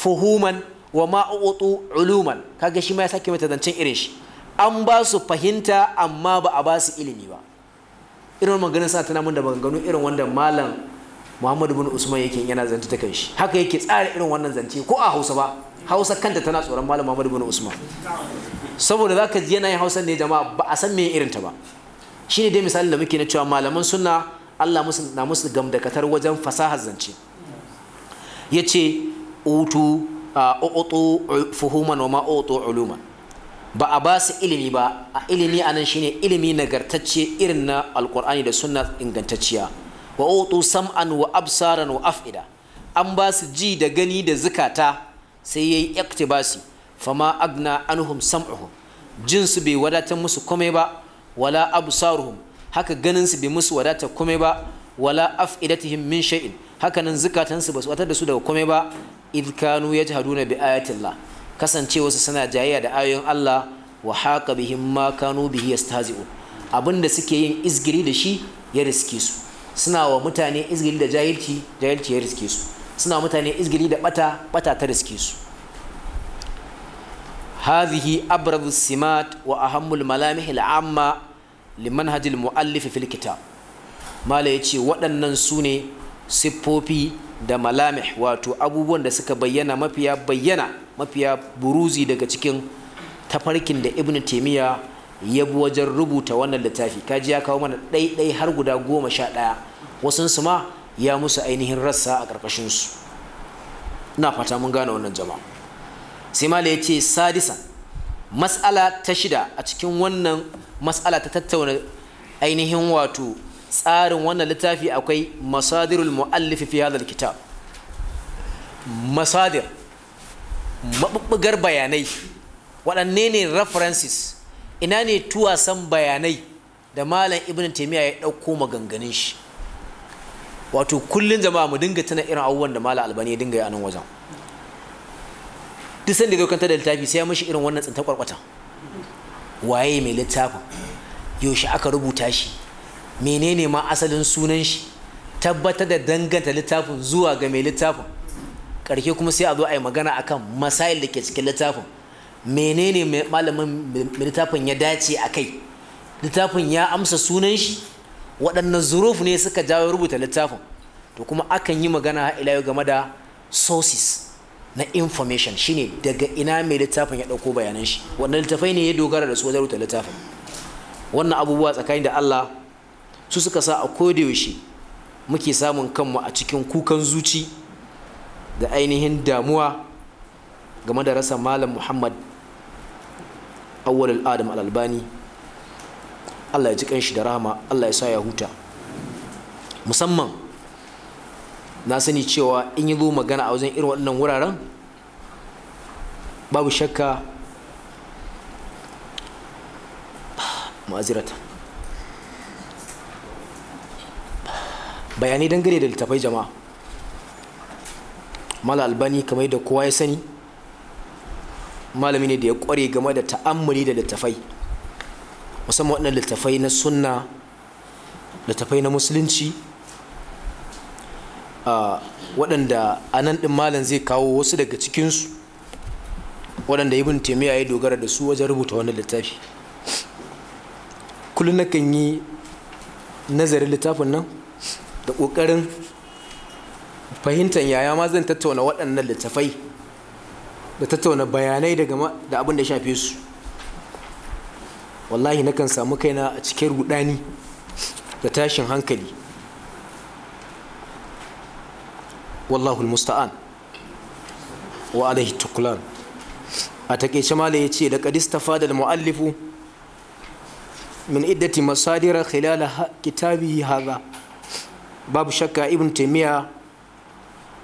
fuhuman wa ma utu uluman kaga shi ma ya sake mata zancen irin shi an ba su fahimta amma ba a ba su ilimi ba irin maganin sa tana mun da maganganu irin wanda malam muhammadu bin usman yake yana zance ta shi haka yake tsara irin wannan zance ko a hausa ba hausa kanta tana tsoron malam muhammadu bin usman saboda za ka ji yana yin hausa ne jama'a ba a san me irinta ba shi ne dai misali da muke na cewa malaman suna Allah na musu gamdakatar wajen fasahar zance Ya ce utu utu fuhuman wa ma utu ba a ba su ilimi ba a ilimi anan shine ilimi nagartacce irin na alkur'ani da suna ingantacciya wa utu sam'an wa absaran wa af'ida an ba su ji da gani da zukata sai ya yayi iktibasi fama agna anuhum sam'uhum jinsu bai wadatar musu komai ba wala absaruhum haka ganinsu bai musu wadatar komai ba wala af'idatihim min haka nan zukatansu ba su watar da su daga komai ba idh kanu yajhaduna bi ayatillah kasancewa su suna jayayya da ayoyin Allah wa haka bihim ma kanu bihi yastahzi'un abinda suke yin izgiri da shi ya riske su suna wa mutane izgiri da jahilci jahilci ya riske su suna mutane izgiri da bata bata ta riske su hadhihi abrazu simat wa ahammul Amma al'amma limanhajil mu'allif fil kitab mala yace waɗannan su ne siffofi da malamih wato abubuwan da suka bayyana mafiya bayyana mafiya buruzi daga cikin tafarkin da ibnu taimiyya ya bi wajen rubuta wannan littafi kaji ya kawo mana ɗaiɗai har guda goma sha ɗaya wasunsu ma ya musu ainihin rassa a ƙarƙashinsu na fata mun gane wannan jama'a sai mala ya ce sadisa matsala ta shida a cikin wannan matsala ta tattauna ainihin wato tsarin wannan littafi akwai masadirul mu'allif fi hadha kitab masadir mabubbugar bayanai waɗanne ne references ina ne tuwasan bayanai da malam ibn taimiyya ya ɗauko maganganun shi wato kullum jama'a mu dinga tana irin abubuwan da malam albani ya dinga yi a nan wajen duk sanda zo kanta da littafi sai ya mishi irin wannan tsinta kwarkwata waye mai littafin yaushe aka rubuta shi menene ma asalin sunan shi tabbatar da danganta littafin zuwa ga mai littafin karke kuma sai a zo a yi magana akan masail da ke cikin littafin menene malamin littafin ya dace a kai littafin ya amsa sunan shi waɗannan zurufu ne suka jawo rubuta littafin to kuma akan yi magana ila game da sources na information shine daga ina mai littafin ya dauko bayanan shi wannan littafai ne ya dogara da su wajen rubuta littafin wannan abubuwa tsakanin da Allah su suka sa a yaushe muke samun kanmu a cikin kukan zuci da ainihin damuwa game da rasa malam Muhammad awwalul adam al-albani Allah ya ji shi da rahama Allah ya sa ya huta musamman na sani cewa in yi zo magana a wajen irin waɗannan wuraren babu shakka ma'azirata bayanai dangane da littafai jama'a mala albani kamar da kowa ya sani malami ne da ya kware game da ta'ammuli da littafai musamman waɗannan littafai na sunna littafai na musulunci waɗanda a nan ɗin malam zai kawo wasu daga cikinsu waɗanda ibn taimiyya ya dogara da su wajen rubuta wani littafi kullum kan yi nazarin littafin nan da ƙoƙarin fahimtar yaya ma zan tattauna waɗannan littafai da tattauna bayanai daga da abin da shafe su wallahi nakan samu kaina a cikin rudani da tashin hankali wallahu musta'an wa alaihi tuklan a takaice mala ya ce da kadista da mu'allifu min iddati masadira khilala kitabi haza babu shakka ibn taimiya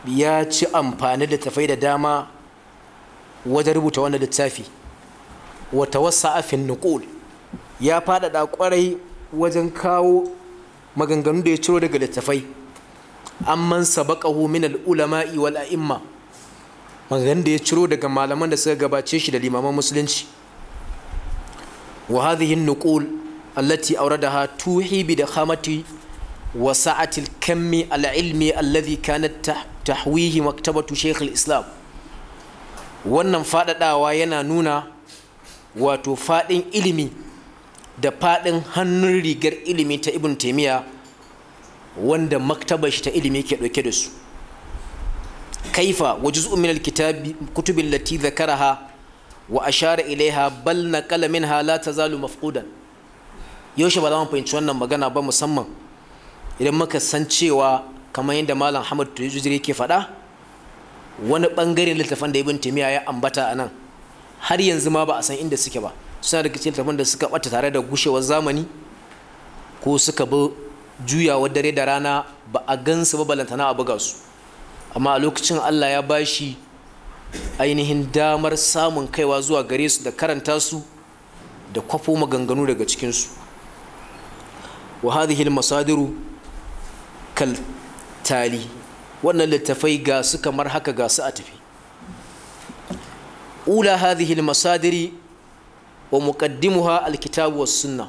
ya ci amfani da tafai da dama wajen rubuta wannan littafi wa a fin nuqul ya faɗaɗa kwarai wajen kawo maganganu da ya ciro daga littafai amman sabaqahu min al-ulama'i wal a'imma magan da ya ciro daga malaman da suka gabace shi da limaman musulunci wa hadhihi an-nuqul allati awradaha tuhi bi dakhamati wa sa'ati al-kammi al-ilmi alladhi kanat tahwihi maktabatu shaykh al-islam wannan fadadawa yana nuna wato fadin ilimi da fadin hannun rigar ilimi ta ibn taymiya wanda maktaba shi ta ilimi ke ɗauke da su kaifa wa juz'un min alkitabi kutubil lati dhakaraha wa ashara ilaiha bal naqala minha la tazalu mafqudan yaushe ba za mu fahimci wannan magana ba musamman idan muka san cewa kamar yadda malam Hamad Tuzuri yake faɗa wani bangare littafan da Ibn Taymiyyah ya ambata a nan har yanzu ma ba a san inda suke ba suna da cikin littafan da suka ɓata tare da gushewar zamani ko suka bi juyawa dare da rana ba a gansu ba balantana a buga su amma a lokacin Allah ya bashi ainihin damar samun kaiwa zuwa gare su da karanta su da kwafo maganganu daga cikinsu wa hadhihi masadiru kal tali wannan littafai ga su kamar haka ga su a tafi ula hadhihi masadiri wa muqaddimuha alkitabu was sunnah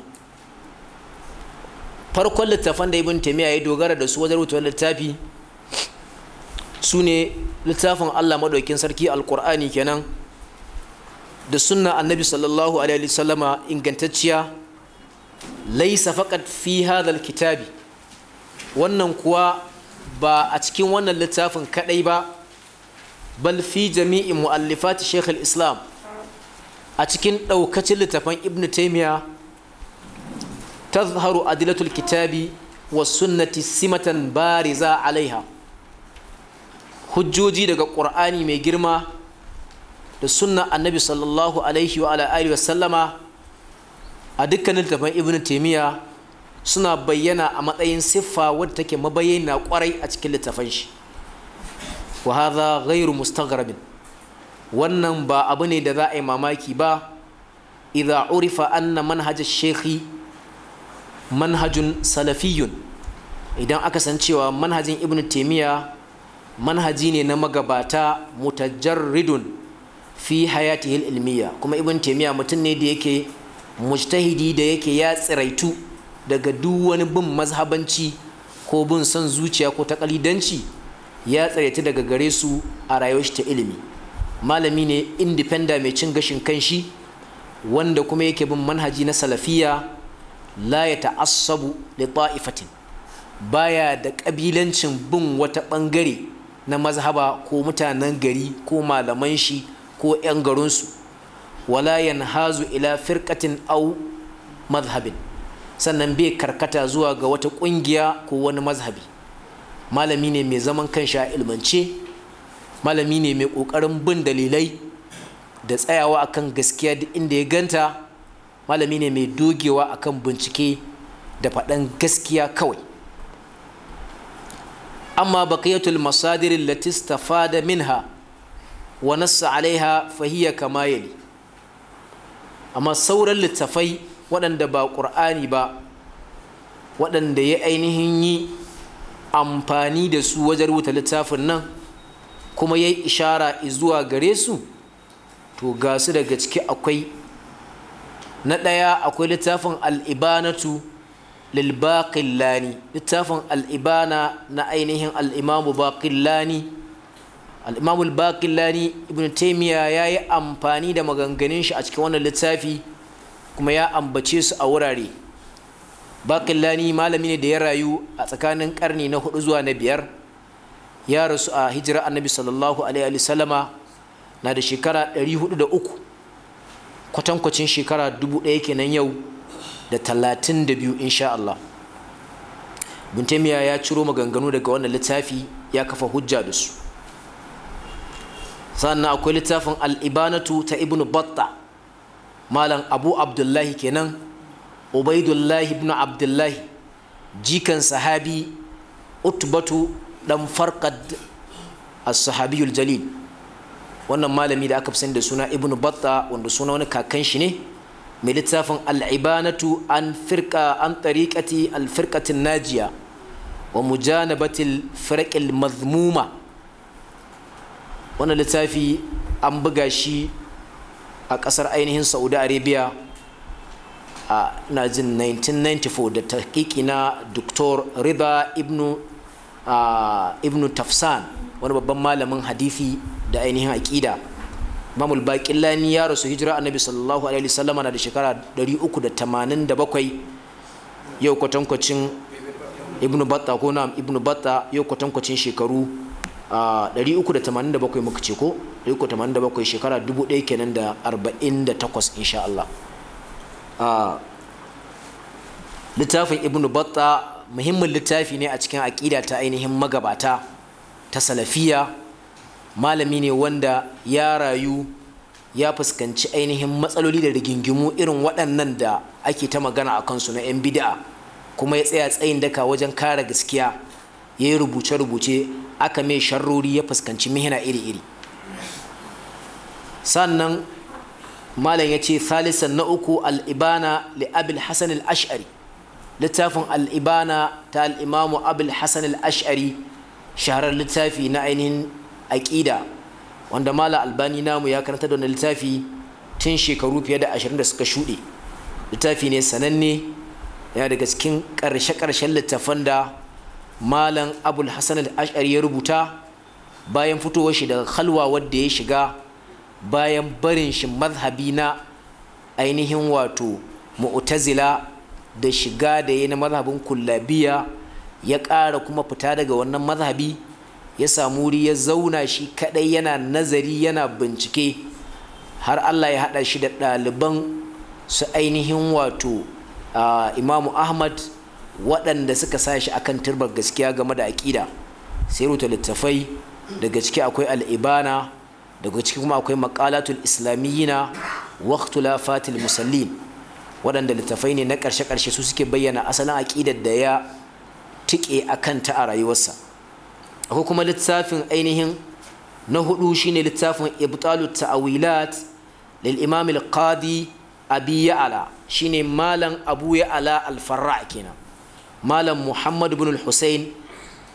farkon littafan da ibn taymiya ya dogara da su wajen rubuta littafi su ne littafin Allah madaukin sarki alkur'ani kenan da sunna annabi sallallahu alaihi wasallama ingantacciya laisa faqat fi hadha kitabi wannan kuwa ba a cikin wannan littafin kadai ba bal fi jami'i mu'allifat shaykh al-islam a cikin daukacin littafan ibnu taymiya tazharu adilatul kitabi wa sunnati simatan bariza alaiha hujjoji daga ƙur'ani mai girma da sunna annabi sallallahu alaihi wa sallama a dukkanin littattafan ibn taimiyya suna bayyana a matsayin siffa wadda take mabayyana kwarai a cikin littafan shi wa gairu ghairu wannan ba abu ne da za a yi mamaki ba idza urifa anna manhaj ash-shaykhi manhajun salafiyun idan aka san cewa manhajin ibn taimiyya manhaji ne na magabata mutajarridun fi hayatihil ilmiya kuma ibn taimiyya mutum ne da yake mujtahidi da yake ya tsiraitu daga duk wani bin mazhabanci ko bin son zuciya ko takalidanci ya tsiraitu daga gare su a rayuwar ta ilimi malami ne indifenda mai cin gashin kanshi wanda kuma yake bin manhaji na salafiyya. la ya ta'assabu da ta'ifatin baya da ƙabilancin bin wata ɓangare na mazhaba ko mutanen gari ko malaman shi ko 'yan garinsu wala hazu ila firkatin au mazhabin sannan bai karkata zuwa ga wata ƙungiya ko wani mazhabi malami ne mai zaman kanshi a ilmance malami ne mai ƙoƙarin bin dalilai da tsayawa akan gaskiya duk inda ya ganta malami ne mai dogewa akan bincike da faɗan gaskiya kawai amma baqiyatul masadir allati istafada minha wa nassa alaiha fahiya kama yali amma sauran littafai waɗanda ba ƙur'ani ba waɗanda ya ainihin yi amfani da su wajen rubuta littafin nan kuma ya yi ishara zuwa gare su to ga daga ciki akwai na ɗaya akwai littafin al'ibanatu lilbaƙillani littafin al'ibana na ainihin al'imamu baƙillani al'imamu baƙillani ibn taimiya ya yi amfani da maganganun shi a cikin wannan littafi kuma ya ambace su a wurare baƙillani malami ne da ya rayu a tsakanin ƙarni na hudu zuwa na biyar ya rasu a hijira annabi sallallahu alaihi sallama na da shekara uku. kwatankwacin shekara dubu ɗaya kenan yau da talatin da biyu insha Allah Buntemiya ya ciro maganganu daga wannan littafi ya kafa hujja da su sannan akwai littafin al'ibanatu ta ibn batta malam abu abdullahi kenan ubaidullahi ibn abdullahi jikan sahabi utbatu dan farkad as-sahabiyul jalil wannan malami da aka fi sani da suna ibnu batta wanda suna wani kakan shi ne mai littafin al'ibanatu an firka an tariƙati alfirƙatin najiya wa mujanabatil firqil mazmuma wannan littafi an buga shi a ƙasar ainihin saudi arabia a najin 1994 da tahqiqi na dr rida ibnu tafsan wani babban malamin hadifi. da ainihin aƙida mamul lani ya rasu hijira annabi sallallahu alaihi wasallama na da shekara 387 yau kwatankwacin ibnu batta ko na ibnu batta yau kwatankwacin shekaru 387 muka ce ko 387 shekara 1000 kenan da 48 insha Allah littafin ibnu batta muhimmin littafi ne a cikin aƙida ta ainihin magabata ta salafiya malami ne wanda ya rayu ya fuskanci ainihin matsaloli da rigingimu irin waɗannan da ake ta magana a kansu na 'yan bida kuma ya tsaya tsayin daka wajen kare gaskiya ya yi rubuce-rubuce aka mai sharrori ya fuskanci mihina iri-iri sannan malam ya ce thalisan na uku al'ibana li abil hasan al'ash'ari littafin al'ibana ta al'imamu abil hasan al'ash'ari shaharar littafi na ainihin aƙida wanda mala albani namu ya karanta da wannan littafi tun shekaru fiye da ashirin da suka shuɗe littafi ne sananne yana daga cikin ƙarshe-ƙarshen littafan da malam abul hasan al-ash'ari ya rubuta bayan fitowar shi daga halwa wadda ya shiga bayan barin shi mazhabi na ainihin wato mu'tazila da shiga da ya na mazhabin kullabiya ya ƙara kuma fita daga wannan mazhabi ya samu wuri ya zauna shi kadai yana nazari yana bincike har Allah ya hada shi da ɗaliban su ainihin wato imamu ahmad waɗanda suka sa shi akan turbar gaskiya game da aƙida sai rubuta littafai daga ciki akwai al'ibana daga ciki kuma akwai maƙalatul islamiyyina fatil musallin waɗanda littafai ne na ƙarshe-ƙarshe su suke bayyana asalin aƙidar da ya tike a ta a rayuwarsa akwai kuma littafin ainihin na hudu shine littafin ibtalu ta'awilat lil imam al qadi abi ya'ala shine malam abu ya'ala al farra kenan malam muhammad ibn al husain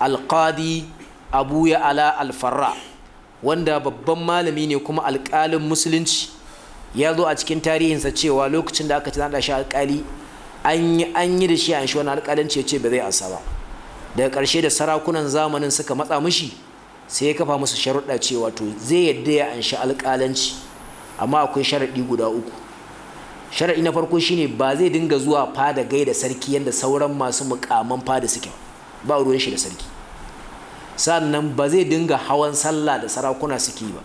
al qadi abu ya'ala al farra wanda babban malami ne kuma alƙalin musulunci ya zo a cikin tarihinsa cewa lokacin da aka tana shi alƙali an yi da shi an shi wani alƙalanci ya ce ba zai ansa ba daga ƙarshe da sarakunan zamanin suka matsa mushi sai ya kafa musu sharuɗa cewa to zai yadda ya anshi alƙalanci amma akwai sharaɗi guda uku sharaɗi na farko shine ba zai dinga zuwa fada da sarki yadda sauran masu mukaman fada suke ba ruwan shi da sarki sannan ba zai dinga hawan sallah da sarakuna suke ba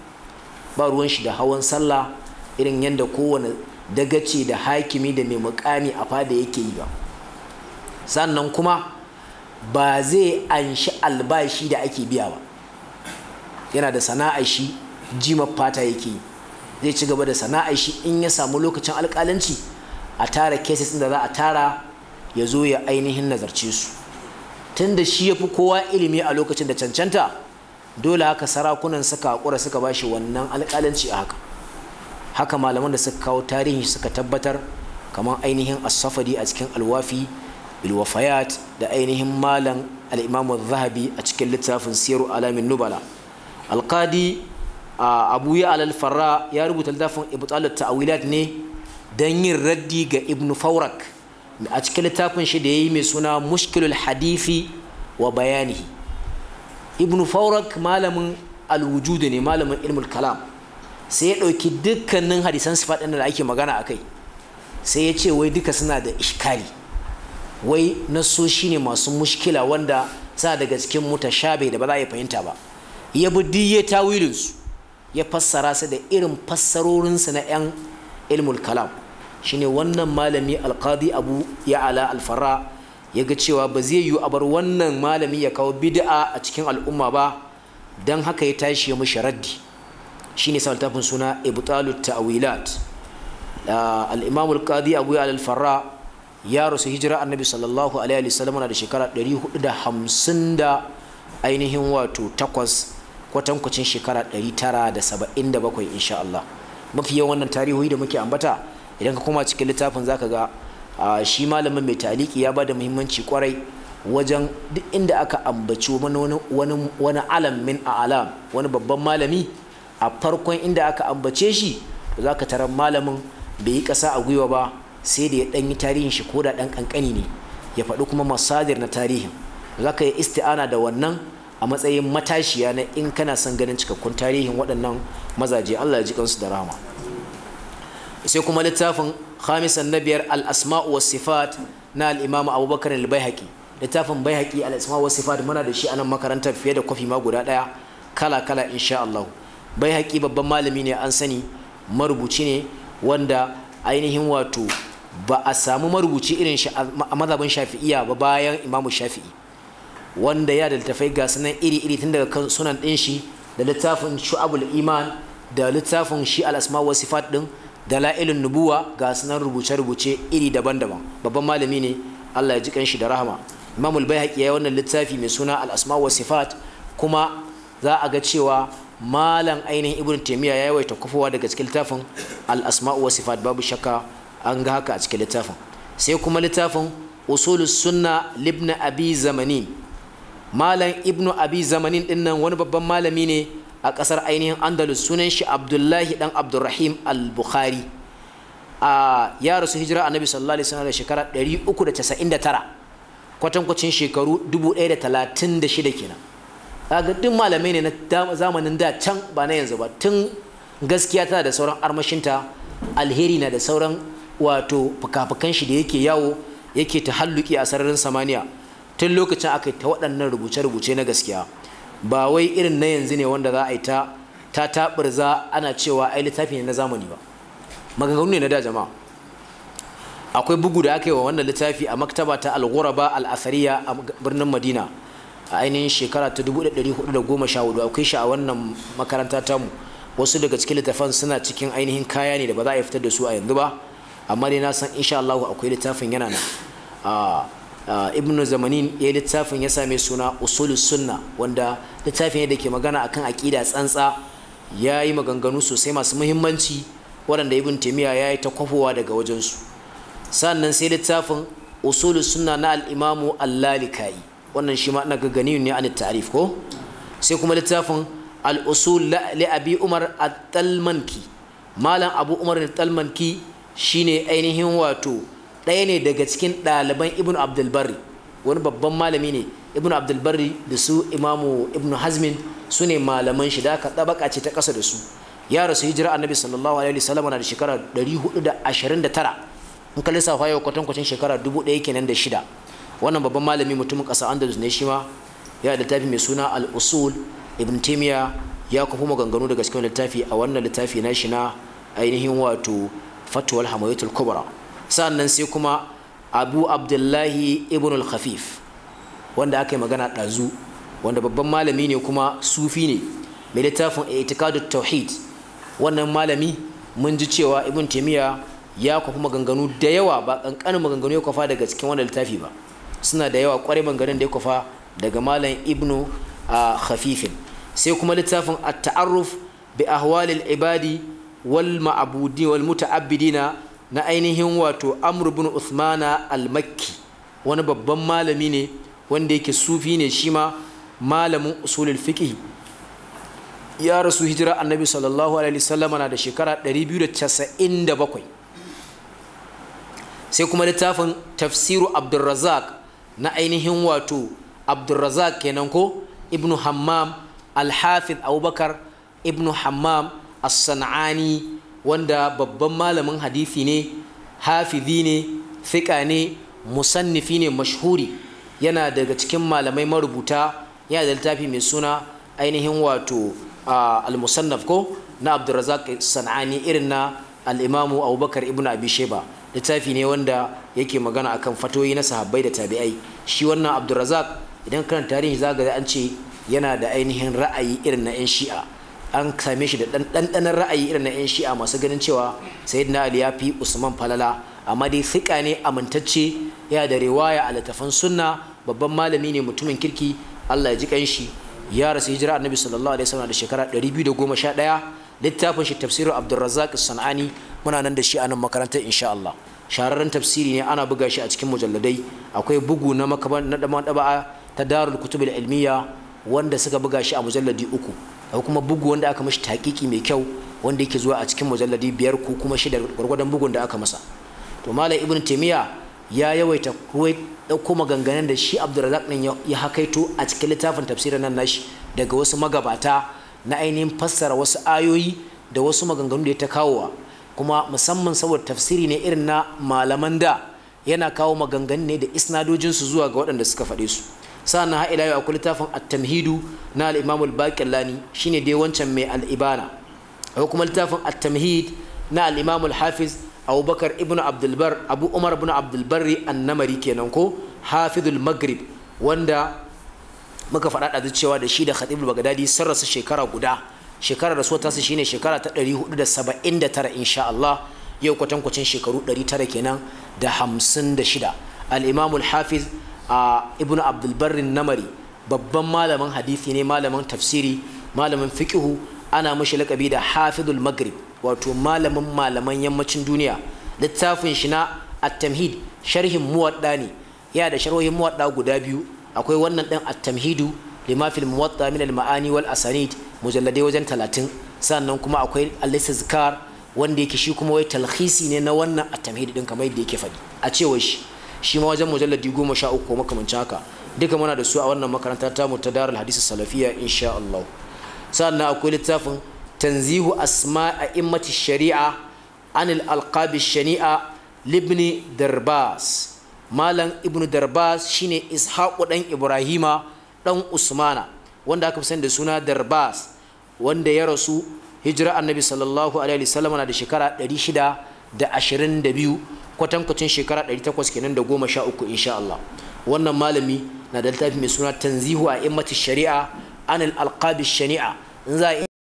ba ruwan shi da hawan sallah irin yadda kowane dagace da hakimi da mai mukami a fada yake yi ba sannan kuma ba zai anshi albashi da ake biya ba yana da sana'a shi jimar fata yake yi zai ci gaba da sana'a shi in ya samu lokacin alƙalanci a tara cases da za a tara ya zo ya ainihin nazarce su tun da shi ya fi kowa ilimi a lokacin da cancanta dole haka sarakunan suka haƙura suka ba shi wannan alƙalanci a haka haka malaman da suka kawo tarihi suka tabbatar kamar ainihin asafadi a cikin alwafi bilwafayat da ainihin malam al'imamu zahabi a cikin littafin siyaru alamin nubala alkadi abu ya alalfarra ya rubuta littafin ibtal ta'awilat ne don yin raddi ga ibn faurak a cikin littafin shi da ya yi mai suna mushkilul hadifi wa bayanihi ibn faurak malamin alwujudu ne malamin ilmul kalam sai ya ɗauki dukkanin hadisan faɗin da ake magana a kai sai ya ce wai duka suna da ishkali wai na so shi ne masu mushkila wanda sa daga cikin bai da ba za a yi fahimta ba ya bi diye tawilinsu ya fassara su da irin fassarorinsu na 'yan ilmul kalam ne wannan malami alkadi abu ya ala alfara ya ga cewa ba zai yiwu a bar wannan malami ya kawo bid'a a cikin al'umma ba don haka ya tashi ya mushi raddi shi ne suna ibtalut ta'wilat ah, al-imam qadi abu ya ala farra ya rasu hijira annabi sallallahu alaihi sallam na da shekara 450 da ainihin wato takwas kwatankwacin shekara 977 insha Allah mafi yawan wannan tarihi da muke ambata idan ka koma cikin littafin zaka ga shi malamin mai taliki ya bada muhimmanci kwarai wajen duk inda aka ambaci wani alam min a alam wani babban malami a farkon inda aka ambace shi zaka ka tarar malamin bai yi kasa a gwiwa ba sai da ya dan yi tarihin shi ko da dan kankani ne ya faɗi kuma masadir na tarihin zaka yi isti'ana da wannan a matsayin matashiya na in kana son ganin cikakkun tarihin waɗannan mazaje Allah ya ji kansu da rama. sai kuma littafin khamisan na biyar al-asma'u sifat na al abubakar al-baihaqi littafin baihaqi al-asma'u was sifat muna da shi a nan makarantar fiye da kwafi ma guda ɗaya kala kala insha Allah baihaqi babban malami ne an sani marubuci ne wanda ainihin wato ba a samu marubuci irin shi a mazhabin shafi'iya ba bayan imamu shafi'i wanda ya da littafai ga sunan iri-iri tun daga kan sunan ɗin shi da littafin shu'abul iman da littafin shi al'asma asma wa ɗin da la'ilun nubuwa ga sunan rubuce-rubuce iri daban-daban babban malami ne Allah ya ji kan shi da rahama imamu bai haƙi ya wannan littafi mai suna al'asma wa kuma za a ga cewa malam ainihin Ibn taimiyya ya yawaita kufowa daga cikin littafin al'asma wa babu shakka an ga haka a cikin littafin sai kuma littafin usulus sunna ibn abi zamanin malam ibnu abi zamanin din nan wani babban malami ne a kasar ainihin andalus sunan shi abdullahi dan abdurrahim al-bukhari a ya rasu hijira annabi sallallahu alaihi wasallam da shekara 399 kwatankwacin shekaru 1036 kenan kaga duk malamai ne na zamanin da can ba na yanzu ba tun gaskiya tana da sauran armashinta alheri na da sauran wato fuka-fukan shi da yake yawo yake ta halluki a sararin samaniya tun lokacin aka yi ta waɗannan rubuce-rubuce na gaskiya ba wai irin na yanzu ne wanda za a yi ta ta za ana cewa ai littafi ne na zamani ba maganganu ne na da jama'a akwai bugu da aka yi wa wannan littafi a maktaba ta al-ghuraba al a birnin madina a ainihin shekara ta 1414 akwai shi a wannan makaranta tamu wasu daga cikin littafan suna cikin ainihin kaya ne da ba za a fitar da su a yanzu ba amma dai na san insha Allah akwai littafin yana nan ah, ah, ibn zamanin ya littafin ya same suna usulus sunna wanda littafin ne dake magana akan akida tsantsa yayi maganganu sosai masu muhimmanci waɗanda ibn taimiyya ya yi ta kwafowa daga wajensu sannan sai littafin usulus sunna na al'imamu lalikai wannan shi ma na ganin ne an tarif ko sai kuma littafin al-usul li abi umar at-talmanki malam abu umar at-talmanki shine ainihin wato ɗaya ne daga cikin ɗaliban ibn abdulbari wani babban malami ne ibnu abdulbari da su imamu ibnu hazmin su ne malaman shi da aka ɗabaka ce ta ƙasa da su ya rasu hijira annabi sallallahu alaihi wasallam na da shekara 429 in ka lissafa yau kwacin shekara 1000 kenan da shida wannan babban malami mutumin ƙasa andalus ne shi ma ya da littafi mai suna al-usul ibn timiya ya kuma maganganu daga cikin littafi a wannan littafi na shi na ainihin wato fatuwal hamayatul kubra sa'annan sai kuma abu abdullahi ibn al-khafif wanda aka yi magana ɗazu wanda babban malami ne kuma sufi ne mai littafin itikadu tauhid wannan malami mun ji cewa ibn taimiyya ya kwafi maganganu da yawa ba ƙanƙanin maganganu ya kwafa daga cikin wannan littafi ba suna da yawa ƙwarai maganganun da ya kwafa daga malam ibnu ah, khafifin sai kuma littafin at-ta'arruf bi ahwalil ibadi wal ma'abudin wal na ainihin wato amr bin usmana al-makki wani babban malami ne wanda yake sufi ne shi ma malamin usulul fiqh ya rasu hijira annabi sallallahu alaihi wasallam na da shekara 297 sai kuma littafin tafsiru abdurrazzaq na ainihin wato abdurrazzaq kenan ko ibnu hammam al-hafiz abubakar ibnu hammam as-san'ani wanda babban malamin hadisi ne hafizi ne fiƙa ne musannifi ne mashhuri yana daga cikin malamai marubuta yana da littafi mai suna ainihin wato al-musannaf ko na abdurrazak san'ani irin na al-imamu abubakar ibn abi sheba littafi ne wanda yake magana akan fatoyi na sahabbai da tabi'ai shi wannan abdurrazak idan kan tarihi ga an ce yana da ainihin ra'ayi irin na 'yan shi'a an same shi da ɗanɗanar ra'ayi irin na 'yan shi'a masu ganin cewa sayyidina ali ya fi usman falala amma dai sika ne amintacce ya da riwaya a littafan sunna babban malami ne mutumin kirki allah ya ji kanshi ya rasu hijira annabi sallallahu alaihi wasallam da shekara 211 littafin shi tafsiru abdurrazzaq sanani muna nan da shi a nan makarantar insha allah shahararren tafsiri ne ana buga shi a cikin mujalladai akwai bugu na makaban na ta darul kutubul ilmiya wanda suka buga shi a mujalladi uku akwai kuma bugu wanda aka mashi taƙiƙi mai kyau wanda yake zuwa a cikin mujalladi biyar ko kuma shida gwargwadon bugun da aka masa to malam ibn taimiya ya yawaita kuwai ɗauko maganganun da shi abdulrazak ɗin ya hakaito a cikin littafin tafsirin nan nashi daga wasu magabata na ainihin fassara wasu ayoyi da wasu maganganu da ya ta kawowa kuma musamman saboda tafsiri ne irin na malaman da yana kawo maganganu ne da isnadojinsu zuwa ga waɗanda suka faɗe su sannan ha ila yau akwai littafin at-tamhidu na al-imam al-baqillani shine dai wancan mai al-ibana akwai kuma littafin at-tamhid na al-imam al-hafiz abubakar ibnu abdulbar abu umar ibn abdulbarri annamari kenan ko hafizul maghrib wanda muka faɗa da cewa da shi da khatibul bagdadi sun rasu shekara guda shekarar rasuwar tasu shine shekara ta 479 insha Allah yau kwatankwacin shekaru 900 kenan da 56 al-imamul hafiz a ibn abdulbarrin namari babban malamin hadisi ne malamin tafsiri malamin fiqihu ana mashi lakabi da hafidul maghrib wato malamin malaman yammacin duniya littafin shi na at-tamhid sharhin muwadda ne yana da sharhohin muwadda guda biyu akwai wannan dan at-tamhidu lima fil muwatta min al-ma'ani wal asanid mujalladai wajen talatin sannan kuma akwai al-istizkar wanda yake shi kuma wai talhisi ne na wannan at-tamhid din kamar yadda yake faɗi a cewar shi shi ma wajen mujalladi goma sha uku makamancin haka duka muna da su a wannan makaranta ta mu ta darul hadisi salafiya insha Allah sannan akwai littafin tanzihu asma'a immati shari'a anil alqabi shani'a libni darbas malam ibnu darbas shine ishaqu dan ibrahima dan usmana wanda aka fi da suna darbas wanda ya rasu hijira annabi sallallahu alaihi wasallam na da shekara 622 kwatankwacin shekara 800 kenan da goma sha uku insha Allah wannan malami na da littafi mai suna tanzihu a immatin shari'a anil alqabi shari'a in za a